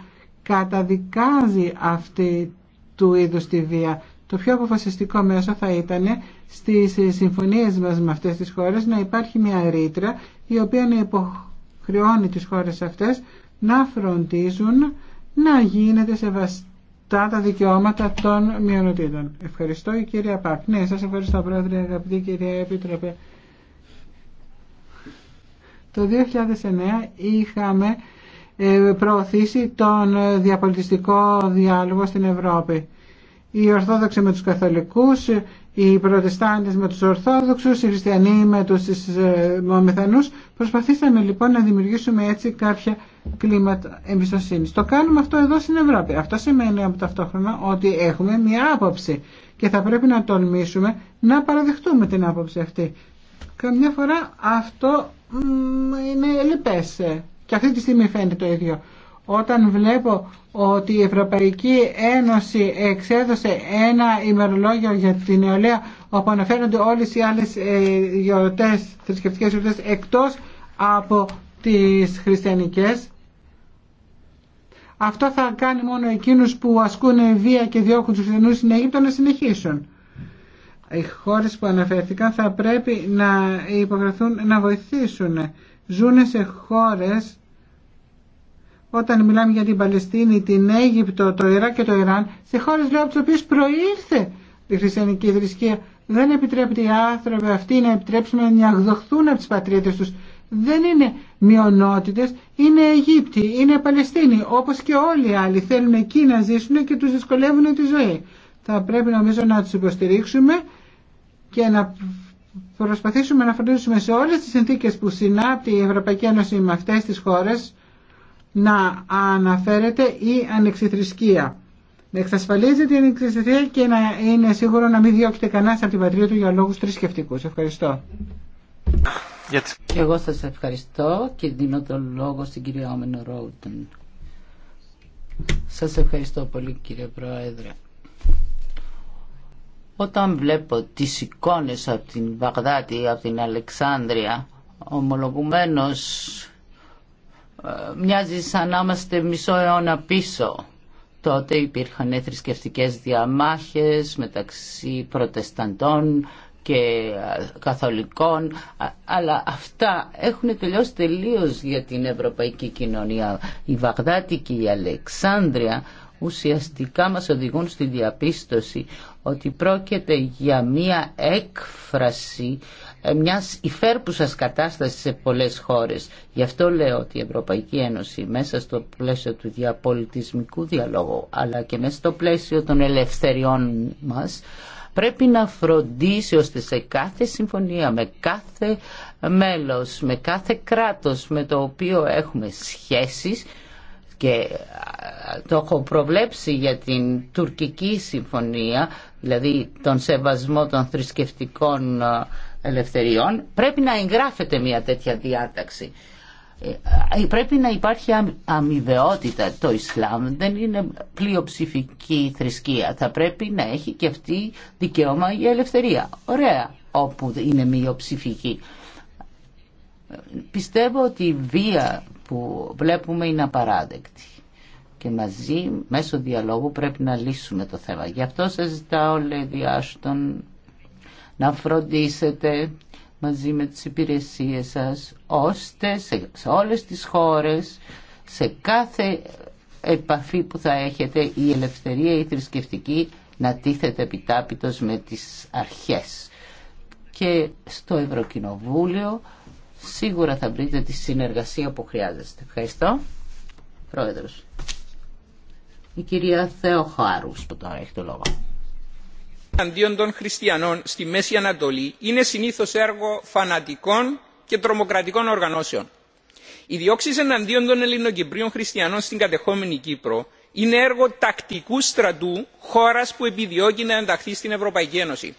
[SPEAKER 1] καταδικάζει αυτή του είδους τη βία. Το πιο αποφασιστικό μέσο θα ήταν στις συμφωνίες μας με αυτές τις χώρες να υπάρχει μια ρήτρα η οποία να υποχρεώνει τις χώρες αυτές να φροντίζουν να γίνεται σεβαστή τα τα δικαιώματα των μειονοτήτων. Ευχαριστώ η κυρία Πακ. Ναι, σας ευχαριστώ πρόεδρε, αγαπητή κυρία Επίτροπε. Το 2009 είχαμε ε, προωθήσει τον διαπολιτιστικό διάλογο στην Ευρώπη. Οι Ορθόδοξοι με τους Καθολικούς, οι Προτεστάντες με τους Ορθόδοξους, οι Χριστιανοί με τους Μωμεθανούς. Ε, προσπαθήσαμε λοιπόν να δημιουργήσουμε έτσι κάποια κλίματα εμπιστοσύνη. Το κάνουμε αυτό εδώ στην Ευρώπη. Αυτό σημαίνει από ταυτόχρονα ότι έχουμε μια άποψη και θα πρέπει να τολμήσουμε να παραδεχτούμε την άποψη αυτή. Καμιά φορά αυτό είναι λυπές και αυτή τη στιγμή φαίνεται το ίδιο όταν βλέπω ότι η Ευρωπαϊκή Ένωση εξέδωσε ένα ημερολόγιο για την νεολαία όπου αναφέρονται όλες οι άλλες ε, γιορτές, θρησκευτικές γιορτές εκτός από τις χριστιανικές αυτό θα κάνει μόνο εκείνους που ασκούν βία και διώκουν τους χριστιανούς στην Αίγυπτο να συνεχίσουν οι χώρες που αναφέρθηκαν θα πρέπει να υπογραφούν να βοηθήσουν Ζούνε σε χώρες όταν μιλάμε για την Παλαιστίνη, την Αίγυπτο, το Ιράκ και το Ιράν, σε χώρε λέω από τι οποίε προήρθε η χριστιανική θρησκεία, δεν επιτρέπεται οι άνθρωποι αυτοί να επιτρέψουν να νιαγδοχθούν από τι πατρίτε του. Δεν είναι μειονότητε, είναι Αιγύπτιοι, είναι Παλαιστίνοι, Όπω και όλοι οι άλλοι θέλουν εκεί να ζήσουν και του δυσκολεύουν τη ζωή. Θα πρέπει νομίζω να του υποστηρίξουμε και να προσπαθήσουμε να φροντίσουμε σε όλε τι συνθήκε που συνάπτει η Ευρωπαϊκή Ένωση με να αναφέρεται η ανεξιθρησκεία. Να εξασφαλίζεται η ανεξιθρησκεία και να είναι σίγουρο να μην διώκεται κανένα από την πατρίδα του για λόγου θρησκευτικού. Ευχαριστώ. εγώ σας ευχαριστώ και δίνω τον λόγο στην κυρία Όμενο Ρόουτεν.
[SPEAKER 5] Σας ευχαριστώ πολύ κύριε Πρόεδρε. Όταν βλέπω τις εικόνες από την Βαγδάτη, από την Αλεξάνδρεια, ομολογουμένως μοιάζει σαν να είμαστε μισό αιώνα πίσω. Τότε υπήρχαν θρησκευτικέ διαμάχες μεταξύ προτεσταντών και καθολικών, αλλά αυτά έχουν τελειώσει τελείως για την ευρωπαϊκή κοινωνία. Η Βαγδάτη και η Αλεξάνδρεια ουσιαστικά μας οδηγούν στη διαπίστωση ότι πρόκειται για μία έκφραση μιας υφέρπουσας κατάστασης σε πολλές χώρες. Γι' αυτό λέω ότι η Ευρωπαϊκή Ένωση μέσα στο πλαίσιο του διαπολιτισμικού διαλόγου αλλά και μέσα στο πλαίσιο των ελευθεριών μας πρέπει να φροντίσει ώστε σε κάθε συμφωνία, με κάθε μέλος, με κάθε κράτος με το οποίο έχουμε σχέσεις και το έχω προβλέψει για την τουρκική συμφωνία, δηλαδή τον σεβασμό των θρησκευτικών ελευθεριών πρέπει να εγγράφεται μια τέτοια διάταξη. Ε, πρέπει να υπάρχει αμοιβαιότητα. Το Ισλάμ δεν είναι πλειοψηφική θρησκεία. Θα πρέπει να έχει και αυτή δικαίωμα για ελευθερία. Ωραία όπου είναι μειοψηφική. Πιστεύω ότι η βία που βλέπουμε είναι απαράδεκτη και μαζί μέσω διαλόγου πρέπει να λύσουμε το θέμα. Γι' αυτό σας ζητάω, λέει διάστον να φροντίσετε μαζί με τις υπηρεσίες σας ώστε σε, σε όλες τις χώρες, σε κάθε επαφή που θα έχετε η ελευθερία η θρησκευτική να τίθεται επιτάπητος με τις αρχές. Και στο Ευρωκοινοβούλιο σίγουρα θα βρείτε τη συνεργασία που χρειάζεστε. Ευχαριστώ. Πρόεδρος. Η κυρία Θεοχάρου, που τώρα έχει το λόγο
[SPEAKER 9] εναντίον των χριστιανών στη μέση ανατολή είναι συνήθως έργο φανατικών και τρομοκρατικών οργανώσεων. Οι διώξει εναντίον των Ελληνοκυπρίων χριστιανών στην κατεχόμενη Κύπρο είναι έργο τακτικού στρατού χώρα που επιδιώκει να ενταχθεί στην Ευρωπαϊκή Ένωση.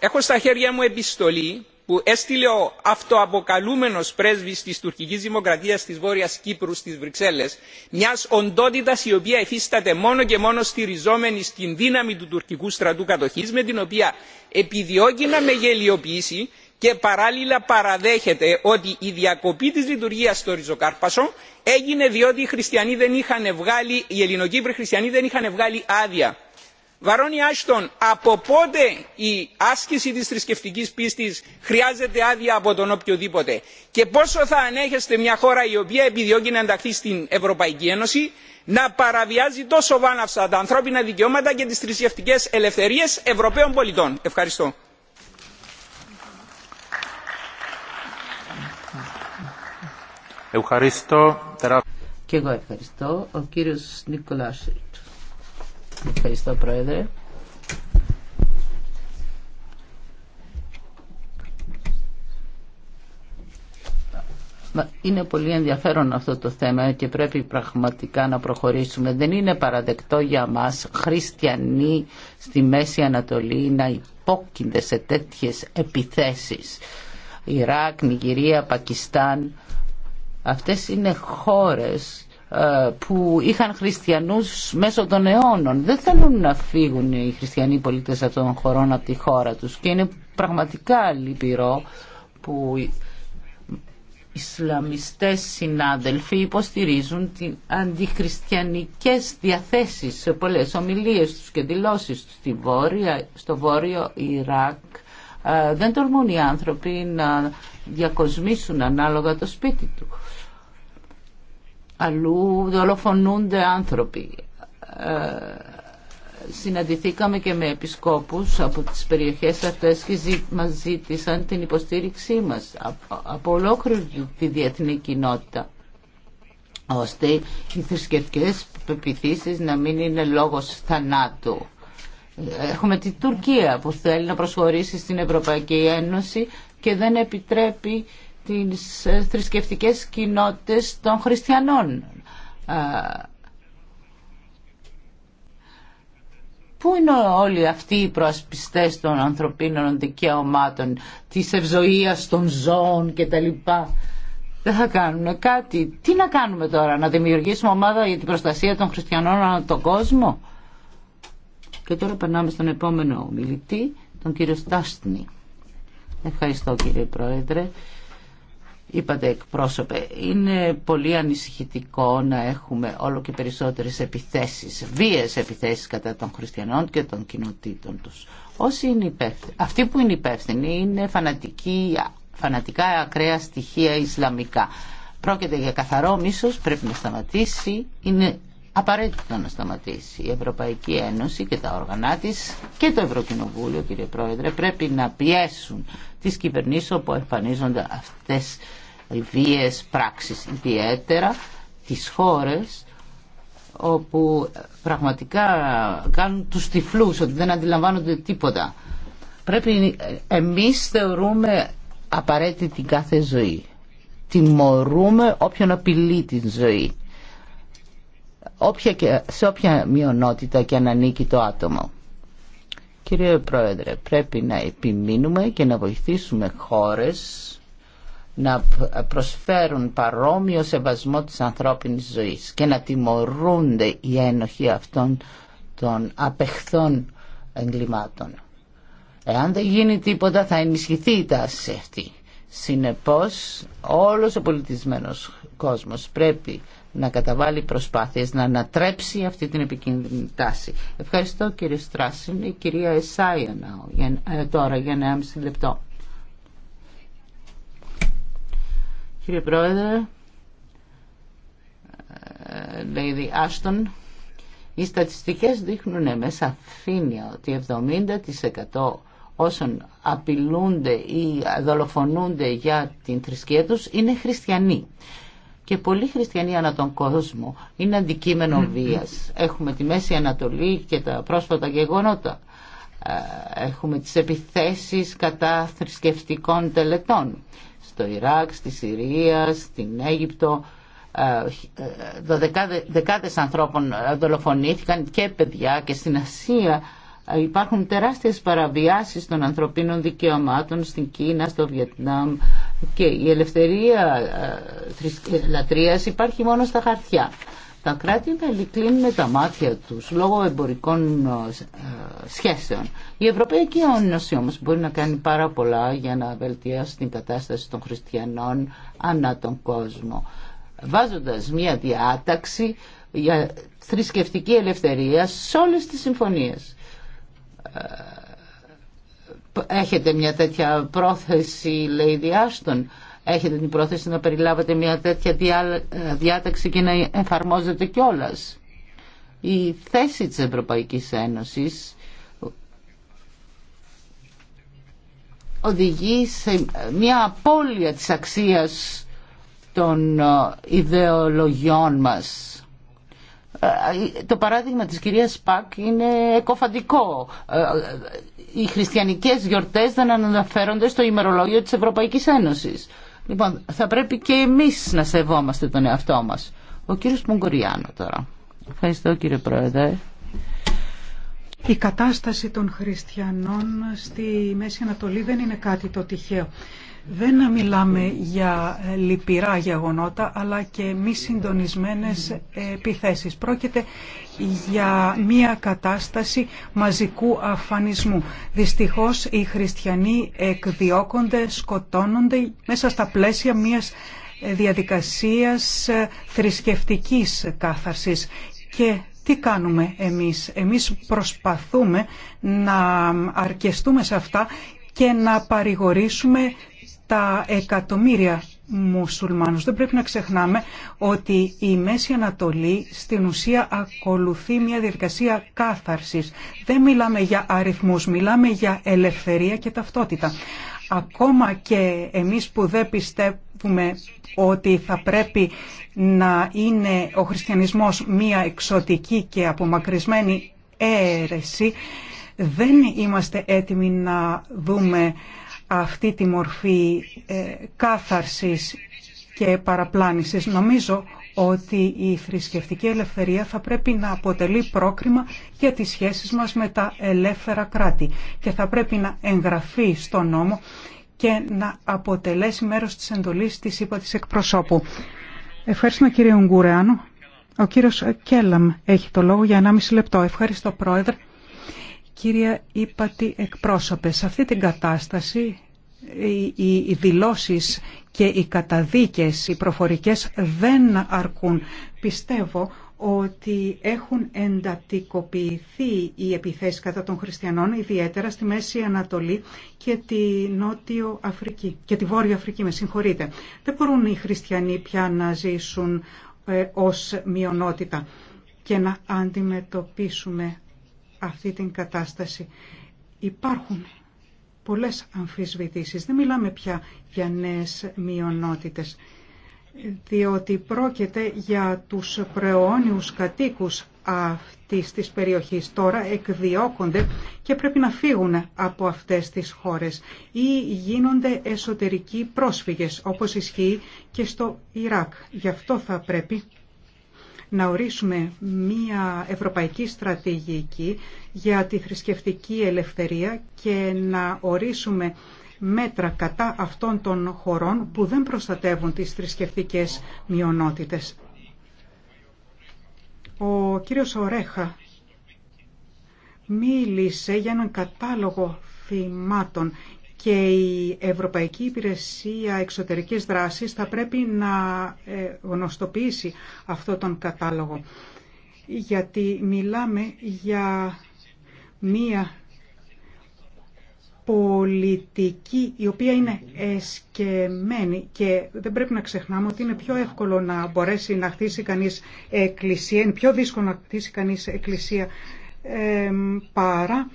[SPEAKER 9] Έχω στα χέρια μου επιστολή που έστειλε ο αυτοαποκαλούμενος πρέσβης της τουρκικής δημοκρατίας της βόρειας κύπρου στις βρυξέλλες μιας οντότητας η οποία υφίσταται μόνο και μόνο στηριζόμενη στην δύναμη του τουρκικού στρατού κατοχής με την οποία επιδιώκει να μεγελιοποιήσει και παράλληλα παραδέχεται ότι η διακοπή της λειτουργίας στο ριζοκάρπασο έγινε διότι οι, χριστιανοί χριστιανοί δεν είχαν βγάλει άδεια Βαρόνι Άστον, από πότε η άσκηση της θρησκευτική πίστης χρειάζεται άδεια από τον οποιοδήποτε και πόσο θα ανέχεστε μια χώρα η οποία επιδιώκει να ενταχθεί στην Ευρωπαϊκή Ένωση να παραβιάζει τόσο βάναυσα τα ανθρώπινα δικαιώματα και τις θρησκευτικέ ελευθερίες Ευρωπαίων πολιτών. Ευχαριστώ.
[SPEAKER 5] Ευχαριστώ Πρόεδρε. Είναι πολύ ενδιαφέρον αυτό το θέμα και πρέπει πραγματικά να προχωρήσουμε. Δεν είναι παραδεκτό για μας χριστιανοί στη Μέση Ανατολή να υπόκεινται σε τέτοιες επιθέσεις. Ιράκ, Νιγηρία, Πακιστάν. Αυτές είναι χώρες ε, που είχαν χριστιανούς μέσω των αιώνων. Δεν θέλουν να φύγουν οι χριστιανοί πολίτες αυτών των χωρών από τη χώρα τους και είναι πραγματικά λυπηρό που οι Ισλαμιστές συνάδελφοι υποστηρίζουν την αντιχριστιανικές διαθέσεις σε πολλές ομιλίες τους και δηλώσεις τους στο βόρειο Ιράκ. Ε, δεν τολμούν οι άνθρωποι να διακοσμήσουν ανάλογα το σπίτι του αλλού δολοφονούνται άνθρωποι. Ε, συναντηθήκαμε και με επισκόπους από τις περιοχές αυτές και μας ζήτησαν την υποστήριξή μας από ολόκληρη τη διεθνή κοινότητα ώστε οι θρησκευτικέ πεπιθήσεις να μην είναι λόγος θανάτου. Έχουμε την Τουρκία που θέλει να προσχωρήσει στην Ευρωπαϊκή Ένωση και δεν επιτρέπει τις ε, θρησκευτικές κοινότητες των χριστιανών. Πού είναι όλοι αυτοί οι προασπιστές των ανθρωπίνων δικαιωμάτων, της ευζοίας των ζώων κτλ. Δεν θα κάνουν κάτι. Τι να κάνουμε τώρα, να δημιουργήσουμε ομάδα για την προστασία των χριστιανών ανά τον κόσμο. Και τώρα περνάμε στον επόμενο ομιλητή τον κύριο Στάστνη. Ευχαριστώ κύριε Πρόεδρε είπατε εκπρόσωπε, είναι πολύ ανησυχητικό να έχουμε όλο και περισσότερες επιθέσεις, βίες επιθέσεις κατά των χριστιανών και των κοινοτήτων τους. Όσοι είναι υπεύθυνοι, αυτοί που είναι υπεύθυνοι είναι φανατικοί, φανατικά ακραία στοιχεία ισλαμικά. Πρόκειται για καθαρό μίσος, πρέπει να σταματήσει, είναι απαραίτητο να σταματήσει. Η Ευρωπαϊκή Ένωση και τα όργανα της και το Ευρωκοινοβούλιο, κύριε Πρόεδρε, πρέπει να πιέσουν τις κυβερνήσεις όπου εμφανίζονται αυτές οι βίες πράξεις, ιδιαίτερα τις χώρες όπου πραγματικά κάνουν τους τυφλούς, ότι δεν αντιλαμβάνονται τίποτα. Πρέπει εμείς θεωρούμε απαραίτητη κάθε ζωή. Τιμωρούμε όποιον απειλεί την ζωή σε όποια μειονότητα και αν ανήκει το άτομο. Κύριε Πρόεδρε, πρέπει να επιμείνουμε και να βοηθήσουμε χώρες να προσφέρουν παρόμοιο σεβασμό της ανθρώπινης ζωής και να τιμωρούνται οι ένοχοι αυτών των απεχθών εγκλημάτων. Εάν δεν γίνει τίποτα θα ενισχυθεί η τάση αυτή. Συνεπώς όλος ο πολιτισμένος κόσμος πρέπει να καταβάλει προσπάθειες να ανατρέψει αυτή την επικίνδυνη τάση. Ευχαριστώ κύριε Στράσιν. Η κυρία Εσάια ε, τώρα για 1,5 λεπτό. Κύριε Πρόεδρε, ε, Lady Άστον, οι στατιστικές δείχνουν με σαφήνεια ότι 70% όσων απειλούνται ή δολοφονούνται για την θρησκεία τους είναι χριστιανοί και πολλοί χριστιανοί ανά τον κόσμο είναι αντικείμενο βίας. Έχουμε τη Μέση Ανατολή και τα πρόσφατα γεγονότα. Ε, έχουμε τις επιθέσεις κατά θρησκευτικών τελετών στο Ιράκ, στη Συρία, στην Αίγυπτο. Ε, ε, δεκάδες, ανθρώπων δολοφονήθηκαν και παιδιά και στην Ασία Υπάρχουν τεράστιες παραβιάσεις των ανθρωπίνων δικαιωμάτων στην Κίνα, στο Βιετνάμ και η ελευθερία ε, ε, λατρείας υπάρχει μόνο στα χαρτιά. Τα κράτη τα μάτια τους λόγω εμπορικών ε, σχέσεων. Η Ευρωπαϊκή Ένωση όμως μπορεί να κάνει πάρα πολλά για να βελτιώσει την κατάσταση των χριστιανών ανά τον κόσμο. Βάζοντας μια διάταξη για θρησκευτική ελευθερία σε όλες τις συμφωνίες έχετε μια τέτοια πρόθεση, λέει διάστον. Έχετε την πρόθεση να περιλάβετε μια τέτοια ε, διάταξη και να εφαρμόζετε κιόλα. Η θέση της Ευρωπαϊκής Ένωσης οδηγεί σε μια απώλεια της αξίας των ε, ιδεολογιών μας. Ε, το παράδειγμα της κυρίας Σπακ είναι εκοφαντικό. Ε, οι χριστιανικές γιορτές δεν αναφέρονται στο ημερολόγιο της Ευρωπαϊκής Ένωσης. Λοιπόν, θα πρέπει και εμείς να σεβόμαστε τον εαυτό μας. Ο κύριος Μουγκοριάνο τώρα. Ευχαριστώ κύριε Πρόεδρε.
[SPEAKER 4] Η κατάσταση των χριστιανών στη Μέση Ανατολή δεν είναι κάτι το τυχαίο δεν να μιλάμε για ε, λυπηρά γεγονότα, αλλά και μη συντονισμένες ε, επιθέσεις. Πρόκειται για μια κατάσταση μαζικού αφανισμού. Δυστυχώς οι χριστιανοί εκδιώκονται, σκοτώνονται μέσα στα πλαίσια μιας ε, διαδικασίας θρησκευτικής κάθαρσης και τι κάνουμε εμείς. Εμείς προσπαθούμε να αρκεστούμε σε αυτά και να παρηγορήσουμε τα εκατομμύρια μουσουλμάνους. Δεν πρέπει να ξεχνάμε ότι η Μέση Ανατολή στην ουσία ακολουθεί μια διαδικασία κάθαρσης. Δεν μιλάμε για αριθμούς, μιλάμε για ελευθερία και ταυτότητα. Ακόμα και εμείς που δεν πιστεύουμε ότι θα πρέπει να είναι ο χριστιανισμός μια εξωτική και απομακρυσμένη αίρεση, δεν είμαστε έτοιμοι να δούμε αυτή τη μορφή ε, κάθαρσης και παραπλάνησης. Νομίζω ότι η θρησκευτική ελευθερία θα πρέπει να αποτελεί πρόκριμα για τις σχέσεις μας με τα ελεύθερα κράτη και θα πρέπει να εγγραφεί στο νόμο και να αποτελέσει μέρος της εντολής της ΥΠΑ της εκπροσώπου. Ευχαριστούμε κύριε Ουγκουρεάνο. Ο κύριος Κέλαμ έχει το λόγο για 1,5 λεπτό. Ευχαριστώ πρόεδρε. Κύρια Ήπατη εκπρόσωπε, σε αυτή την κατάσταση οι δηλώσεις και οι καταδίκες, οι προφορικές δεν αρκούν. Πιστεύω ότι έχουν εντατικοποιηθεί οι επιθέσεις κατά των χριστιανών, ιδιαίτερα στη Μέση Ανατολή και τη Νότιο Αφρική και τη Βόρεια Αφρική, με συγχωρείτε. Δεν μπορούν οι χριστιανοί πια να ζήσουν ε, ως μειονότητα και να αντιμετωπίσουμε αυτή την κατάσταση. Υπάρχουν πολλές αμφισβητήσεις. Δεν μιλάμε πια για νέες μειονότητες, διότι πρόκειται για τους προαιώνιους κατοίκους αυτής της περιοχής. Τώρα εκδιώκονται και πρέπει να φύγουν από αυτές τις χώρες ή γίνονται εσωτερικοί πρόσφυγες, όπως ισχύει και στο Ιράκ. Γι' αυτό θα πρέπει να ορίσουμε μία ευρωπαϊκή στρατηγική για τη θρησκευτική ελευθερία και να ορίσουμε μέτρα κατά αυτών των χωρών που δεν προστατεύουν τις θρησκευτικές μειονότητες. Ο κύριος Ορέχα μίλησε για έναν κατάλογο θυμάτων και η Ευρωπαϊκή Υπηρεσία Εξωτερικής Δράσης θα πρέπει να ε, γνωστοποιήσει αυτό τον κατάλογο. Γιατί μιλάμε για μία πολιτική η οποία είναι εσκεμμένη και δεν πρέπει να ξεχνάμε ότι είναι πιο εύκολο να μπορέσει να χτίσει κανείς εκκλησία, είναι πιο δύσκολο να χτίσει κανείς εκκλησία ε, παρά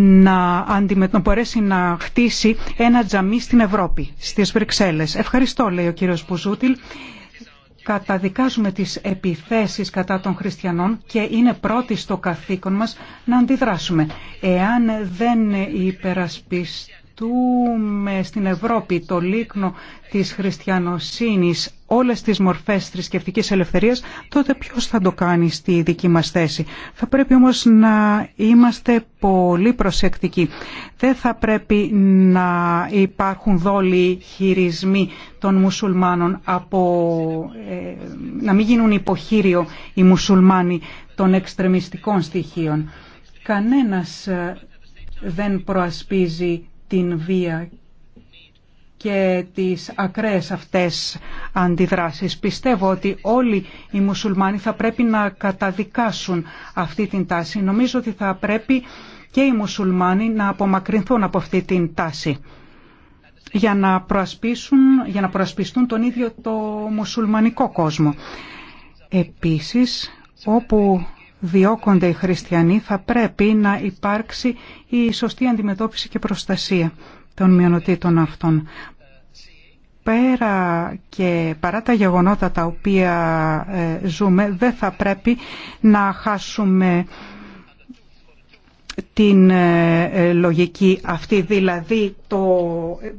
[SPEAKER 4] να, να μπορέσει να χτίσει ένα τζαμί στην Ευρώπη, στις Βρυξέλλες. Ευχαριστώ, λέει ο κύριος Μπουζούτιλ. Καταδικάζουμε τις επιθέσεις κατά των χριστιανών και είναι πρώτη στο καθήκον μας να αντιδράσουμε. Εάν δεν υπερασπιστούμε με στην Ευρώπη το λίκνο της χριστιανοσύνης, όλες τις μορφές θρησκευτική ελευθερίας, τότε ποιος θα το κάνει στη δική μας θέση. Θα πρέπει όμως να είμαστε πολύ προσεκτικοί. Δεν θα πρέπει να υπάρχουν δόλοι χειρισμοί των μουσουλμάνων από, ε, να μην γίνουν υποχείριο οι μουσουλμάνοι των εξτρεμιστικών στοιχείων. Κανένας ε, δεν προασπίζει την βία και τις ακραίες αυτές αντιδράσεις. Πιστεύω ότι όλοι οι μουσουλμάνοι θα πρέπει να καταδικάσουν αυτή την τάση. Νομίζω ότι θα πρέπει και οι μουσουλμάνοι να απομακρυνθούν από αυτή την τάση για να προασπίσουν, για να προασπιστούν τον ίδιο το μουσουλμανικό κόσμο. Επίσης, όπου διώκονται οι χριστιανοί θα πρέπει να υπάρξει η σωστή αντιμετώπιση και προστασία των μειονοτήτων αυτών. Πέρα και παρά τα γεγονότα τα οποία ε, ζούμε δεν θα πρέπει να χάσουμε την ε, ε, λογική αυτή. Δηλαδή, το,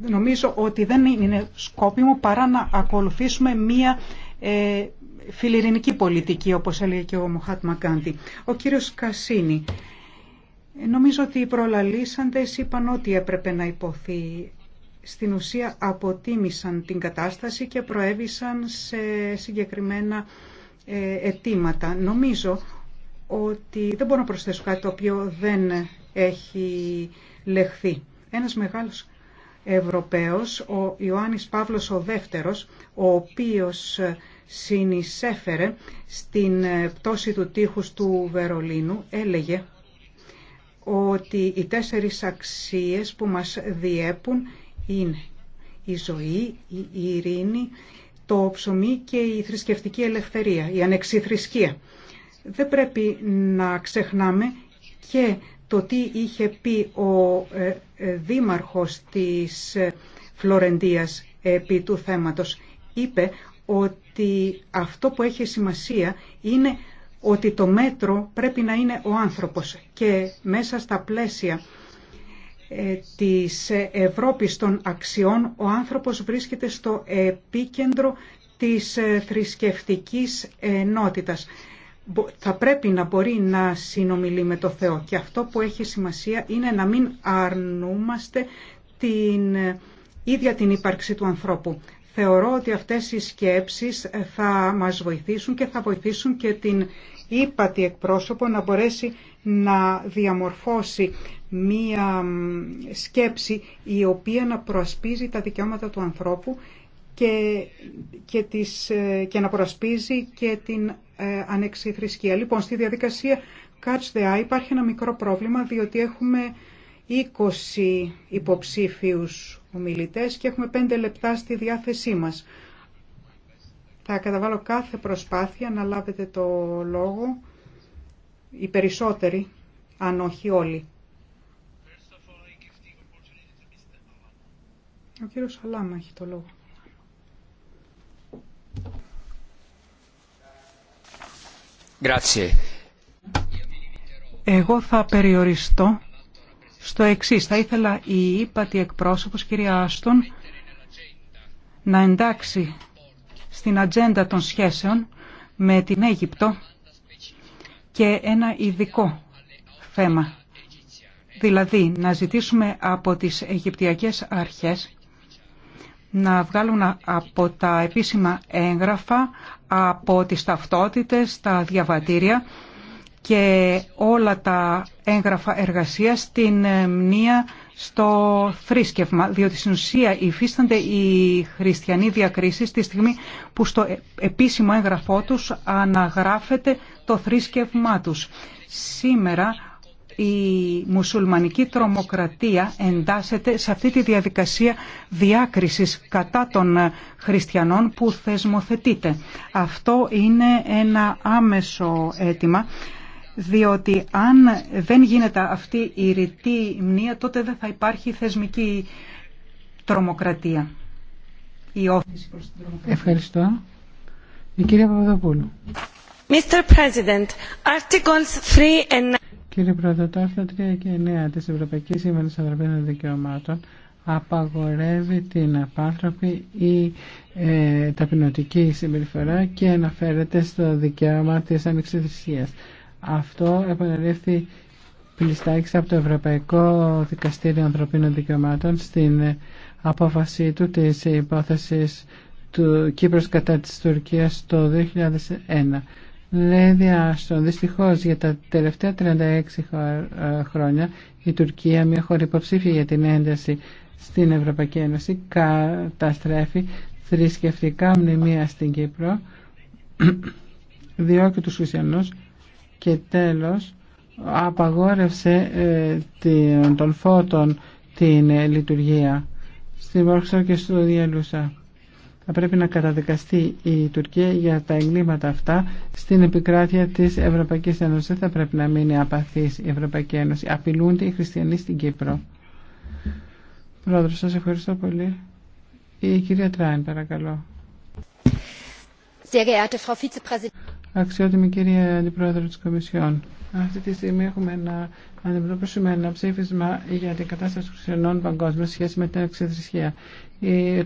[SPEAKER 4] νομίζω ότι δεν είναι σκόπιμο παρά να ακολουθήσουμε μία φιλιρινική πολιτική, όπως έλεγε και ο Μοχάτ Μακάντι. Ο κύριος Κασίνη, νομίζω ότι οι προλαλήσαντες είπαν ότι έπρεπε να υποθεί. Στην ουσία αποτίμησαν την κατάσταση και προέβησαν σε συγκεκριμένα ε, αιτήματα. Νομίζω ότι δεν μπορώ να προσθέσω κάτι το οποίο δεν έχει λεχθεί. Ένας μεγάλος Ευρωπαίος, ο Ιωάννης Παύλος ο Δεύτερος, ο οποίος συνεισέφερε στην ε, πτώση του τείχους του Βερολίνου έλεγε ότι οι τέσσερις αξίες που μας διέπουν είναι η ζωή, η ειρήνη, το ψωμί και η θρησκευτική ελευθερία, η ανεξιθρησκεία. Δεν πρέπει να ξεχνάμε και το τι είχε πει ο ε, ε, δήμαρχος της Φλωρεντίας επί του θέματος. Είπε ότι αυτό που έχει σημασία είναι ότι το μέτρο πρέπει να είναι ο άνθρωπος και μέσα στα πλαίσια ε, της Ευρώπης των αξιών ο άνθρωπος βρίσκεται στο επίκεντρο της ε, θρησκευτικής ενότητας. Θα πρέπει να μπορεί να συνομιλεί με το Θεό και αυτό που έχει σημασία είναι να μην αρνούμαστε την ε, ίδια την ύπαρξη του ανθρώπου. Θεωρώ ότι αυτές οι σκέψεις θα μας βοηθήσουν και θα βοηθήσουν και την ύπατη εκπρόσωπο να μπορέσει να διαμορφώσει μία σκέψη η οποία να προασπίζει τα δικαιώματα του ανθρώπου και, και, ε, και να προασπίζει και την ε, ανεξιθρησκεία. Λοιπόν, στη διαδικασία Catch the Eye υπάρχει ένα μικρό πρόβλημα διότι έχουμε 20 υποψήφιους ομιλητές και έχουμε 5 λεπτά στη διάθεσή μας. Θα καταβάλω κάθε προσπάθεια να λάβετε το λόγο, οι περισσότεροι, αν όχι όλοι. Ο κύριος Αλάμα έχει το λόγο. Εγώ θα περιοριστώ στο εξή. Θα ήθελα η ύπατη εκπρόσωπος, κυρία Άστον, να εντάξει στην ατζέντα των σχέσεων με την Αίγυπτο και ένα ειδικό θέμα. Δηλαδή, να ζητήσουμε από τις Αιγυπτιακές αρχές να βγάλουν από τα επίσημα έγγραφα, από τις ταυτότητες, τα διαβατήρια, και όλα τα έγγραφα εργασίας στην ε, μνήα στο θρήσκευμα, διότι στην ουσία υφίστανται οι χριστιανοί διακρίσεις τη στιγμή που στο ε, επίσημο έγγραφό τους αναγράφεται το θρήσκευμά τους. Σήμερα η μουσουλμανική τρομοκρατία εντάσσεται σε αυτή τη διαδικασία διάκρισης κατά των ε, χριστιανών που θεσμοθετείται. Αυτό είναι ένα άμεσο αίτημα διότι αν δεν γίνεται αυτή η ρητή μνήμα, τότε δεν θα υπάρχει θεσμική τρομοκρατία. Η προς
[SPEAKER 1] Ευχαριστώ. Η κυρία Παπαδοπούλου.
[SPEAKER 8] Mr. President, Articles 3 and...
[SPEAKER 1] Κύριε Πρόεδρε, το άρθρο 3 και 9 της Ευρωπαϊκής Σύμβασης Ανθρωπίνων Δικαιωμάτων απαγορεύει την απάνθρωπη ή ε, ταπεινωτική συμπεριφορά και αναφέρεται στο δικαίωμα της ανεξιθυσίας. Αυτό επανελήφθη πλειστάξει από το Ευρωπαϊκό Δικαστήριο Ανθρωπίνων Δικαιωμάτων στην απόφαση του της υπόθεσης του Κύπρος κατά της Τουρκίας το 2001. Λέει διάστον, δυστυχώ για τα τελευταία 36 ε, χρόνια η Τουρκία, μια χώρα υποψήφια για την ένταση στην Ευρωπαϊκή Ένωση, καταστρέφει θρησκευτικά μνημεία στην Κύπρο, διώκει τους χριστιανούς, και τέλος, απαγόρευσε ε, τον φώτων την ε, λειτουργία στην Βόρξο και στο Διαλούσα. Θα πρέπει να καταδικαστεί η Τουρκία για τα εγκλήματα αυτά στην επικράτεια της Ευρωπαϊκής Ένωσης. Δεν θα πρέπει να μείνει απαθής η Ευρωπαϊκή Ένωση. Απειλούνται οι χριστιανοί στην Κύπρο. Πρόεδρος, σας ευχαριστώ πολύ. Η κυρία Τράιν, παρακαλώ. Αξιότιμη κυρία Αντιπρόεδρο της Κομισιόν. Αυτή τη στιγμή έχουμε να αντιμετωπίσουμε ένα ψήφισμα για την κατάσταση των χριστιανών παγκόσμια σχέση με την εξεθρησία.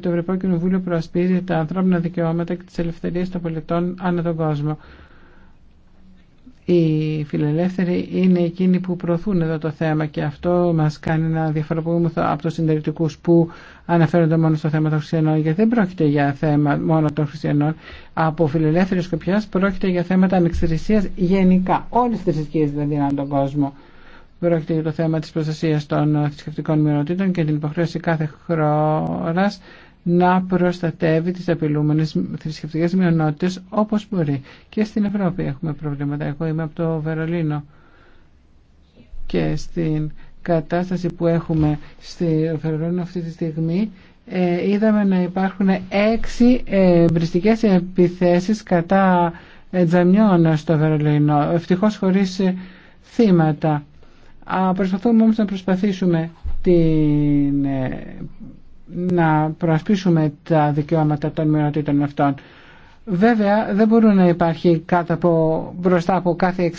[SPEAKER 1] Το Ευρωπαϊκό Κοινοβούλιο προασπίζει τα ανθρώπινα δικαιώματα και τις ελευθερίες των πολιτών ανά τον κόσμο οι φιλελεύθεροι είναι εκείνοι που προωθούν εδώ το θέμα και αυτό μας κάνει να διαφοροποιούμε από τους συντηρητικού που αναφέρονται μόνο στο θέμα των χριστιανών γιατί δεν πρόκειται για θέμα μόνο των χριστιανών από φιλελεύθερη σκοπιά πρόκειται για θέματα ανεξαιρεσίας γενικά όλες τις θρησκείες δηλαδή ανά τον κόσμο πρόκειται για το θέμα της προστασίας των θρησκευτικών μειονοτήτων και την υποχρέωση κάθε χώρα να προστατεύει τις απειλούμενες θρησκευτικές μειονότητες όπως μπορεί. Και στην Ευρώπη έχουμε προβλήματα. Εγώ είμαι από το Βερολίνο και στην κατάσταση που έχουμε στη Βερολίνο αυτή τη στιγμή ε, είδαμε να υπάρχουν έξι μπριστικές επιθέσεις κατά ε, τζαμιών στο Βερολίνο. Ευτυχώς χωρίς ε, θύματα. Α, προσπαθούμε όμως να προσπαθήσουμε την να προασπίσουμε τα δικαιώματα των μειονοτήτων αυτών. Βέβαια δεν μπορούν να υπάρχει κάτω από, μπροστά από κάθε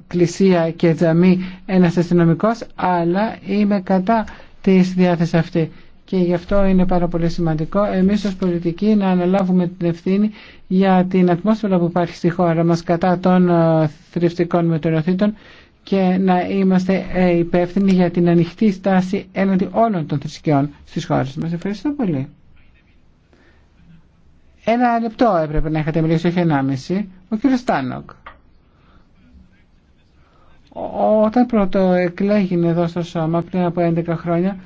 [SPEAKER 1] εκκλησία και τζαμί ένας αστυνομικό, αλλά είμαι κατά της διάθεσης αυτή. Και γι' αυτό είναι πάρα πολύ σημαντικό εμείς ως πολιτικοί να αναλάβουμε την ευθύνη για την ατμόσφαιρα που υπάρχει στη χώρα μας κατά των ε, θρηστικών μετεωροθήτων και να είμαστε ε, υπεύθυνοι για την ανοιχτή στάση έναντι όλων των θρησκειών στις χώρες μας. Ευχαριστώ πολύ. Ένα λεπτό έπρεπε να είχατε μιλήσει, όχι ενάμιση. Ο κύριος Στάνοκ. Όταν πρώτο εκλέγηνε εδώ στο σώμα πριν από 11 χρόνια,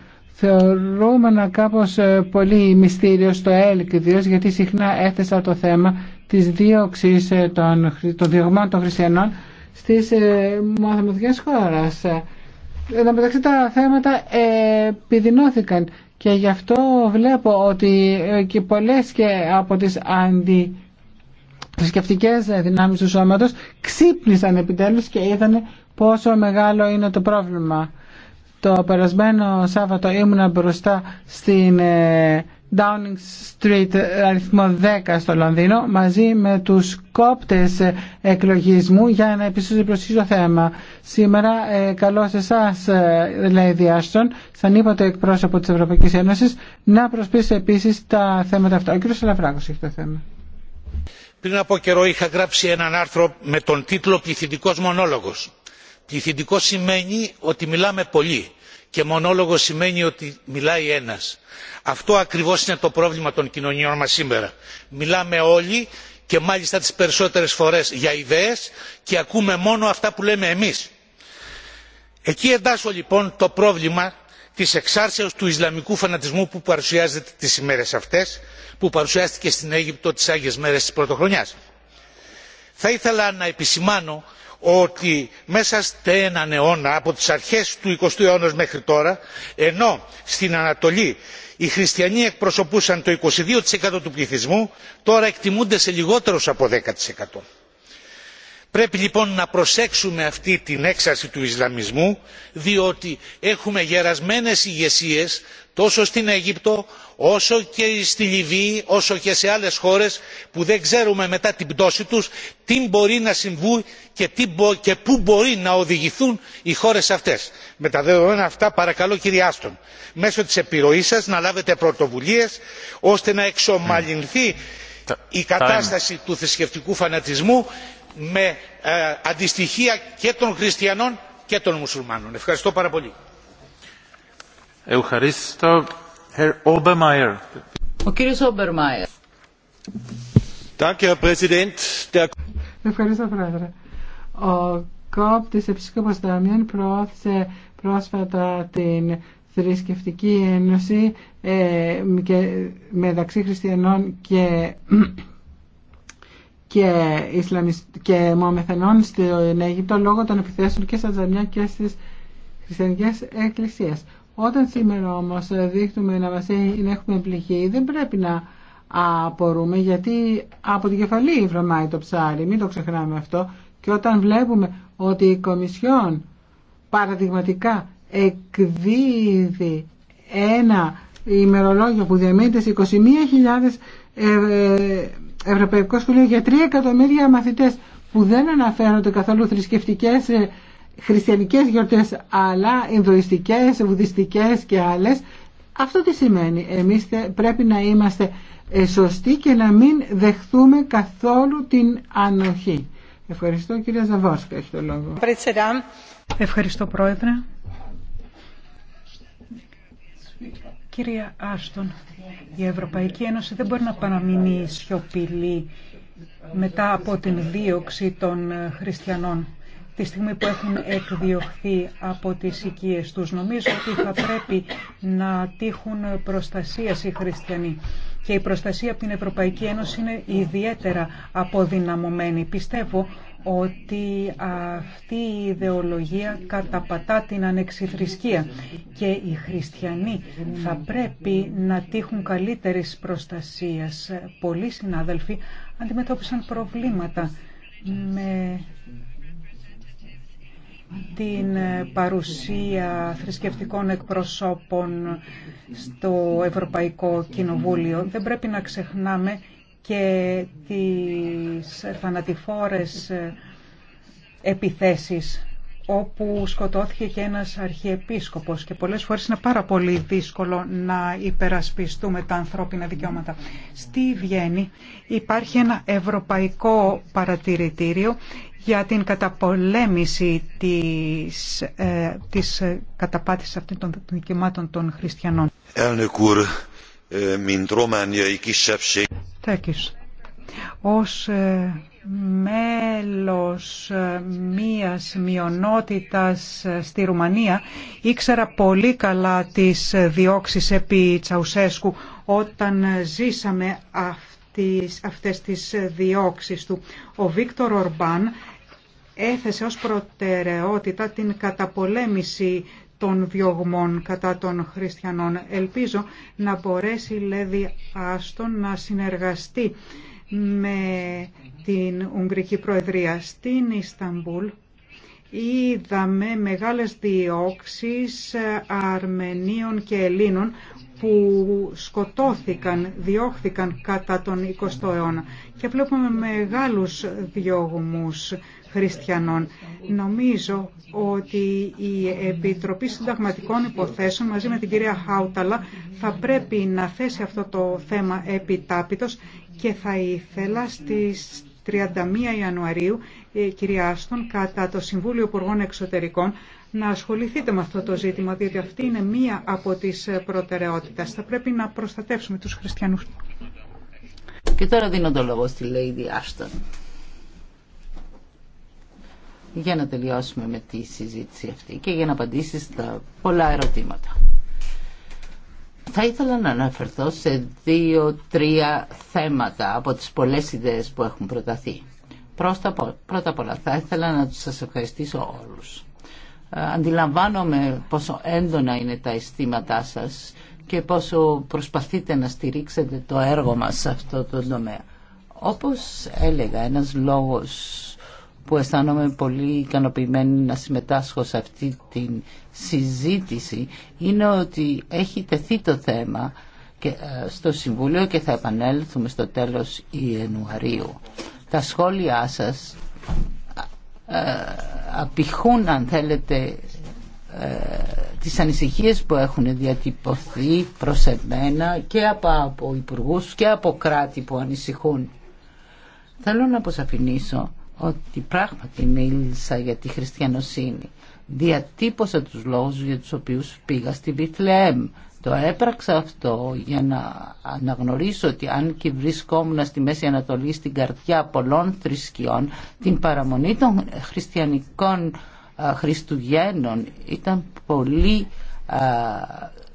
[SPEAKER 1] να κάπως ε, πολύ μυστήριο στο ΕΛΚ γιατί συχνά έθεσα το θέμα της δίωξης ε, των, των διωγμών των χριστιανών Στι ε, μαθηματικές ε, Εν τω μεταξύ τα θέματα επιδεινώθηκαν και γι' αυτό βλέπω ότι ε, και πολλές και από τις αντι δυνάμει δυνάμεις του σώματος ξύπνησαν επιτέλους και είδαν πόσο μεγάλο είναι το πρόβλημα. Το περασμένο Σάββατο ήμουνα μπροστά στην ε, Downing Street αριθμό 10 στο Λονδίνο μαζί με τους κόπτες εκλογισμού για να επίσης το θέμα. Σήμερα ε, καλώ εσάς λέει Διάστον, σαν το εκπρόσωπο της Ευρωπαϊκής Ένωσης, να προσπίσει επίσης τα θέματα αυτά. Ο κ. Σαλαφράκος έχει το θέμα.
[SPEAKER 3] Πριν από καιρό είχα γράψει έναν άρθρο με τον τίτλο «Πληθυντικός μονόλογος». Πληθυντικό σημαίνει ότι μιλάμε πολύ και μονόλογο σημαίνει ότι μιλάει ένας. Αυτό ακριβώς είναι το πρόβλημα των κοινωνιών μας σήμερα. Μιλάμε όλοι και μάλιστα τις περισσότερες φορές για ιδέες και ακούμε μόνο αυτά που λέμε εμείς. Εκεί εντάσσω λοιπόν το πρόβλημα της εξάρσεως του Ισλαμικού φανατισμού που παρουσιάζεται τις ημέρες αυτές, που παρουσιάστηκε στην Αίγυπτο τις Άγιες Μέρες της Πρωτοχρονιάς. Θα ήθελα να επισημάνω ότι μέσα σε έναν αιώνα από τις αρχές του 20ου αιώνα μέχρι τώρα ενώ στην Ανατολή οι χριστιανοί εκπροσωπούσαν το 22% του πληθυσμού τώρα εκτιμούνται σε λιγότερους από 10%. Πρέπει λοιπόν να προσέξουμε αυτή την έξαρση του Ισλαμισμού διότι έχουμε γερασμένες ηγεσίες τόσο στην Αίγυπτο όσο και στη λιβύη όσο και σε άλλες χώρες που δεν ξέρουμε μετά την πτώση τους τι μπορεί να συμβεί και πού μπορεί να οδηγηθούν οι χώρες αυτές. με τα δεδομένα αυτά παρακαλώ κυρία άστον μέσω της επιρροής σας να λάβετε πρωτοβουλίες ώστε να εξομαλυνθεί η κατάσταση του θρησκευτικού φανατισμού με ε, αντιστοιχεία και των χριστιανών και των μουσουλμάνων. ευχαριστώ πάρα πολύ. Herr Präsident, der
[SPEAKER 1] Ευχαριστώ, Πρόεδρε. Ο ΚΟΠ της Επισκόπος Δαμιών προώθησε πρόσφατα την θρησκευτική ένωση ε, και, μεταξύ χριστιανών και και, Ισλαμισ... και μομεθενών στην Αίγυπτο λόγω των επιθέσεων και στα τζαμιά και στις χριστιανικές εκκλησίες. Όταν σήμερα όμως δείχνουμε να μας ε, έχουμε πληγή δεν πρέπει να απορούμε γιατί από την κεφαλή βρωμάει το ψάρι, μην το ξεχνάμε αυτό. Και όταν βλέπουμε ότι η Κομισιόν παραδειγματικά εκδίδει ένα ημερολόγιο που διαμείνεται σε 21.000 ε, ε, Ευρωπαϊκό Σχολείο για 3 εκατομμύρια μαθητές που δεν αναφέρονται καθόλου θρησκευτικές χριστιανικές γιορτές αλλά ινδουιστικές, βουδιστικές και άλλες αυτό τι σημαίνει εμείς πρέπει να είμαστε ε, σωστοί και να μην δεχθούμε καθόλου την ανοχή
[SPEAKER 4] Ευχαριστώ κυρία Ζαβόσκα έχει το λόγο Ευχαριστώ πρόεδρε Κυρία Άστον, η Ευρωπαϊκή Ένωση δεν μπορεί να παραμείνει σιωπηλή μετά από την δίωξη των ε, χριστιανών τη στιγμή που έχουν εκδιωχθεί από τις οικίες τους. Νομίζω ότι θα πρέπει να τύχουν προστασία οι χριστιανοί. Και η προστασία από την Ευρωπαϊκή Ένωση είναι ιδιαίτερα αποδυναμωμένη. Πιστεύω ότι αυτή η ιδεολογία καταπατά την ανεξιθρησκεία και οι χριστιανοί θα πρέπει να τύχουν καλύτερης προστασίας. Πολλοί συνάδελφοι αντιμετώπισαν προβλήματα την ε, παρουσία θρησκευτικών εκπροσώπων στο Ευρωπαϊκό Κοινοβούλιο. Δεν πρέπει να ξεχνάμε και τις θανατηφόρες ε, επιθέσεις όπου σκοτώθηκε και ένας αρχιεπίσκοπος και πολλές φορές είναι πάρα πολύ δύσκολο να υπερασπιστούμε τα ανθρώπινα δικαιώματα. Στη Βιέννη υπάρχει ένα ευρωπαϊκό παρατηρητήριο για την καταπολέμηση της, ε, της ε, καταπάτησης αυτών των δικαιωμάτων των χριστιανών. Τέκης. Ε, Ως ε, μέλος μίας μειονότητας στη Ρουμανία ήξερα πολύ καλά τις διώξεις επί Τσαουσέσκου όταν ζήσαμε αυτό τις, αυτές τις διώξεις του. Ο Βίκτορ Ορμπάν έθεσε ως προτεραιότητα την καταπολέμηση των διωγμών κατά των χριστιανών. Ελπίζω να μπορέσει λέει, Λέδη Άστον να συνεργαστεί με την Ουγγρική Προεδρία στην Ισταμπούλ. Είδαμε μεγάλες διώξεις Αρμενίων και Ελλήνων που σκοτώθηκαν, διώχθηκαν κατά τον 20ο αιώνα και βλέπουμε μεγάλους διώγμους χριστιανών. Νομίζω ότι η Επιτροπή Συνταγματικών Υποθέσεων μαζί με την κυρία Χάουταλα θα πρέπει να θέσει αυτό το θέμα επιτάπητος και θα ήθελα στις 31 Ιανουαρίου, ε, κυρία Άστον, κατά το Συμβούλιο Υπουργών Εξωτερικών να ασχοληθείτε με αυτό το ζήτημα, διότι αυτή είναι μία από τις ε, προτεραιότητες. Θα πρέπει να προστατεύσουμε τους χριστιανούς. Και τώρα δίνω το λόγο στη Lady Ashton.
[SPEAKER 5] Για να τελειώσουμε με τη συζήτηση αυτή και για να απαντήσει στα πολλά ερωτήματα. Θα ήθελα να αναφερθώ σε δύο-τρία θέματα από τις πολλές ιδέες που έχουν προταθεί. Πρώτα απ' όλα θα ήθελα να σας ευχαριστήσω όλους αντιλαμβάνομαι πόσο έντονα είναι τα αισθήματά σας και πόσο προσπαθείτε να στηρίξετε το έργο μας σε αυτό το τομέα. Όπως έλεγα, ένας λόγος που αισθάνομαι πολύ ικανοποιημένη να συμμετάσχω σε αυτή τη συζήτηση είναι ότι έχει τεθεί το θέμα και ε, στο Συμβούλιο και θα επανέλθουμε στο τέλος Ιανουαρίου. Τα σχόλιά σας ε, απηχούν αν θέλετε ε, τις ανησυχίες που έχουν διατυπωθεί προς εμένα και από υπουργού και από κράτη που ανησυχούν. Θέλω να αποσαφηνίσω ότι πράγματι μίλησα για τη χριστιανοσύνη. Διατύπωσα τους λόγους για τους οποίους πήγα στη Βιθλεέμ. Το έπραξα αυτό για να αναγνωρίσω ότι αν και βρισκόμουν στη Μέση Ανατολή στην καρδιά πολλών θρησκειών την παραμονή των χριστιανικών Χριστουγέννων ήταν πολύ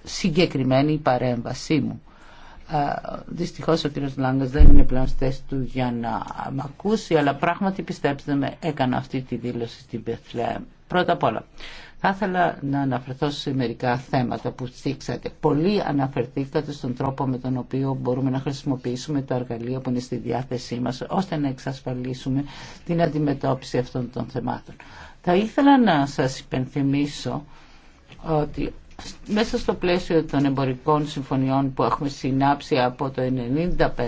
[SPEAKER 5] συγκεκριμένη η παρέμβασή μου. Δυστυχώς ο κ. Λάγκας δεν είναι πλέον στη του για να με ακούσει αλλά πράγματι πιστέψτε με έκανα αυτή τη δήλωση στην Πεθλέα. Πρώτα απ' όλα θα ήθελα να αναφερθώ σε μερικά θέματα που θίξατε. Πολύ αναφερθήκατε στον τρόπο με τον οποίο μπορούμε να χρησιμοποιήσουμε τα εργαλεία που είναι στη διάθεσή μας ώστε να εξασφαλίσουμε την αντιμετώπιση αυτών των θεμάτων. Θα ήθελα να σας υπενθυμίσω ότι μέσα στο πλαίσιο των εμπορικών συμφωνιών που έχουμε συνάψει από το 1995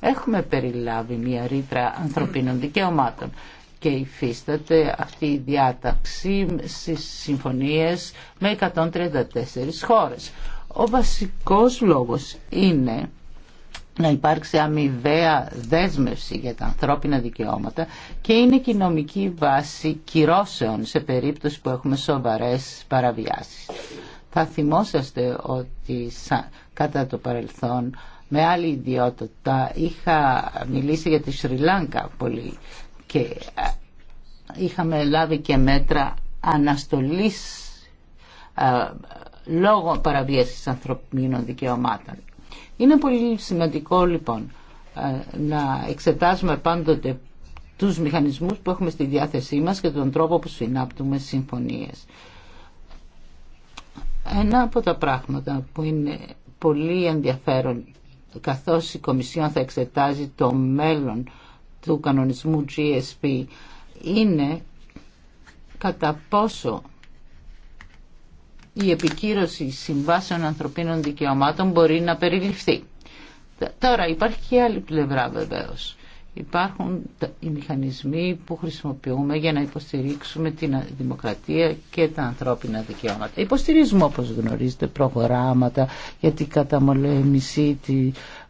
[SPEAKER 5] έχουμε περιλάβει μια ρήτρα ανθρωπίνων δικαιωμάτων και υφίσταται αυτή η διάταξη στις συμφωνίες με 134 χώρες. Ο βασικός λόγος είναι να υπάρξει αμοιβαία δέσμευση για τα ανθρώπινα δικαιώματα και είναι και η νομική βάση κυρώσεων σε περίπτωση που έχουμε σοβαρές παραβιάσεις. Θα θυμόσαστε ότι κατά το παρελθόν με άλλη ιδιότητα είχα μιλήσει για τη Σρι Λάνκα πολύ και είχαμε λάβει και μέτρα αναστολής λόγω παραβίασης ανθρωπίνων δικαιωμάτων. Είναι πολύ σημαντικό λοιπόν να εξετάζουμε πάντοτε τους μηχανισμούς που έχουμε στη διάθεσή μας και τον τρόπο που συνάπτουμε συμφωνίες. Ένα από τα πράγματα που είναι πολύ ενδιαφέρον καθώς η Κομισιόν θα εξετάζει το μέλλον του κανονισμού GSP είναι κατά πόσο η επικύρωση συμβάσεων ανθρωπίνων δικαιωμάτων μπορεί να περιληφθεί. Τώρα υπάρχει και άλλη πλευρά βεβαίως. Υπάρχουν οι μηχανισμοί που χρησιμοποιούμε για να υποστηρίξουμε την δημοκρατία και τα ανθρώπινα δικαιώματα. Υποστηρίζουμε όπως γνωρίζετε προγράμματα για την καταμολέμηση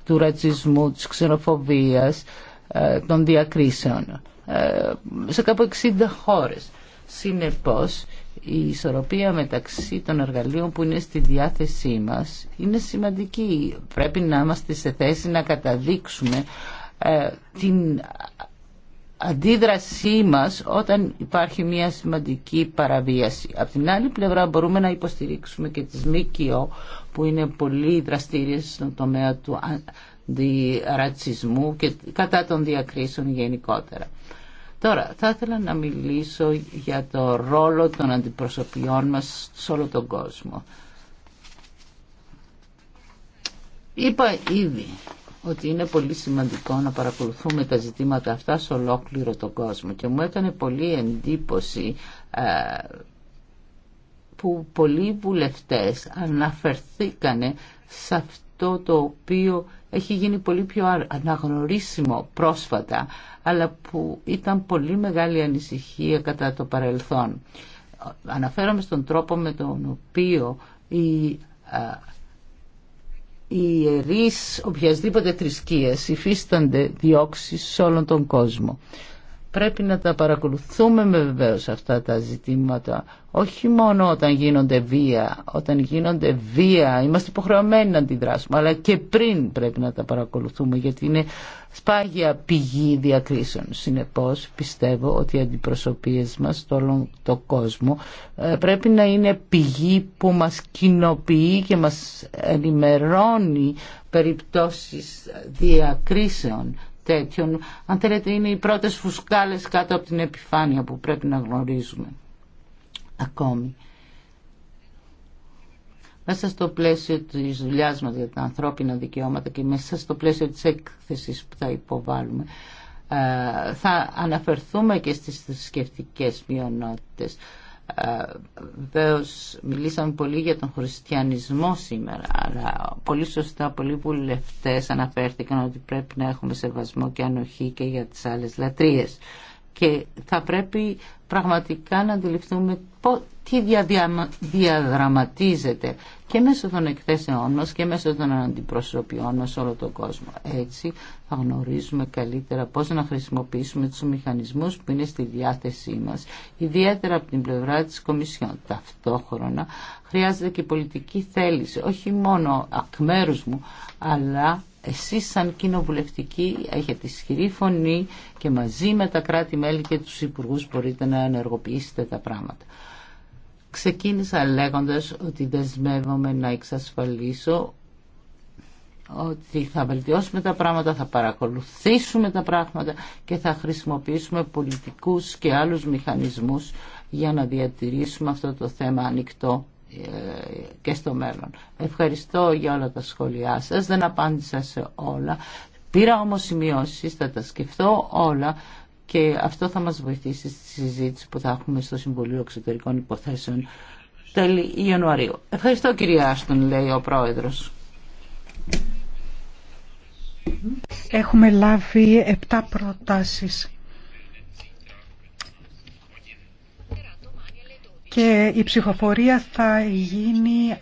[SPEAKER 5] του ρατσισμού, της ξενοφοβίας ε, των διακρίσεων ε, σε κάπου 60 χώρες. Συνεπώς, η ισορροπία μεταξύ των εργαλείων που είναι στη διάθεσή μας είναι σημαντική. Πρέπει να είμαστε σε θέση να καταδείξουμε ε, την αντίδρασή μας όταν υπάρχει μια σημαντική παραβίαση. Από την άλλη πλευρά μπορούμε να υποστηρίξουμε και τις ΜΚΟ που είναι πολύ δραστήριες στον τομέα του ρατσισμού και κατά των διακρίσεων γενικότερα. Τώρα, θα ήθελα να μιλήσω για το ρόλο των αντιπροσωπιών μας σε όλο τον κόσμο. Είπα ήδη ότι είναι πολύ σημαντικό να παρακολουθούμε τα ζητήματα αυτά σε ολόκληρο τον κόσμο και μου έκανε πολύ εντύπωση ε, που πολλοί βουλευτές αναφερθήκανε σε αυτό το οποίο έχει γίνει πολύ πιο αναγνωρίσιμο πρόσφατα, αλλά που ήταν πολύ μεγάλη ανησυχία κατά το παρελθόν. Αναφέρομαι στον τρόπο με τον οποίο οι οι ιερείς οποιασδήποτε θρησκείας υφίστανται διώξεις σε όλον τον κόσμο πρέπει να τα παρακολουθούμε με βεβαίως αυτά τα ζητήματα όχι μόνο όταν γίνονται βία όταν γίνονται βία είμαστε υποχρεωμένοι να αντιδράσουμε αλλά και πριν πρέπει να τα παρακολουθούμε γιατί είναι σπάγια πηγή διακρίσεων συνεπώς πιστεύω ότι οι αντιπροσωπείες μας στο όλο το κόσμο ε, πρέπει να είναι πηγή που μας κοινοποιεί και μας ενημερώνει περιπτώσεις διακρίσεων αν θέλετε είναι οι πρώτες φουσκάλες κάτω από την επιφάνεια που πρέπει να γνωρίζουμε ακόμη. Μέσα στο πλαίσιο της δουλειά μας για τα ανθρώπινα δικαιώματα και μέσα στο πλαίσιο της έκθεσης που θα υποβάλουμε ε, θα αναφερθούμε και στις θρησκευτικέ μειονότητες. Ε, Βεβαίω μιλήσαμε πολύ για τον χριστιανισμό σήμερα, αλλά πολύ σωστά πολλοί βουλευτέ αναφέρθηκαν ότι πρέπει να έχουμε σεβασμό και ανοχή και για τις άλλες λατρείες. Και θα πρέπει πραγματικά να αντιληφθούμε τι διαδραματίζεται και μέσω των εκθέσεών μας και μέσω των αντιπροσωπιών μας όλο τον κόσμο. Έτσι θα γνωρίζουμε καλύτερα πώς να χρησιμοποιήσουμε τους μηχανισμούς που είναι στη διάθεσή μας, ιδιαίτερα από την πλευρά της Κομισιόν. Ταυτόχρονα χρειάζεται και πολιτική θέληση, όχι μόνο ακ μέρους μου, αλλά εσείς σαν κοινοβουλευτικοί έχετε ισχυρή φωνή και μαζί με τα κράτη-μέλη και τους υπουργούς μπορείτε να ενεργοποιήσετε τα πράγματα. Ξεκίνησα λέγοντας ότι δεσμεύομαι να εξασφαλίσω ότι θα βελτιώσουμε τα πράγματα, θα παρακολουθήσουμε τα πράγματα και θα χρησιμοποιήσουμε πολιτικούς και άλλους μηχανισμούς για να διατηρήσουμε αυτό το θέμα ανοιχτό ε, και στο μέλλον. Ευχαριστώ για όλα τα σχόλιά σας, δεν απάντησα σε όλα. Πήρα όμως σημειώσεις, θα τα σκεφτώ όλα και αυτό θα μας βοηθήσει στη συζήτηση που θα έχουμε στο Συμβουλίο Εξωτερικών Υποθέσεων τέλη Ιανουαρίου. Ευχαριστώ κυρία Άστον, λέει ο Πρόεδρος.
[SPEAKER 4] Έχουμε λάβει 7 προτάσεις. Και η ψηφοφορία θα γίνει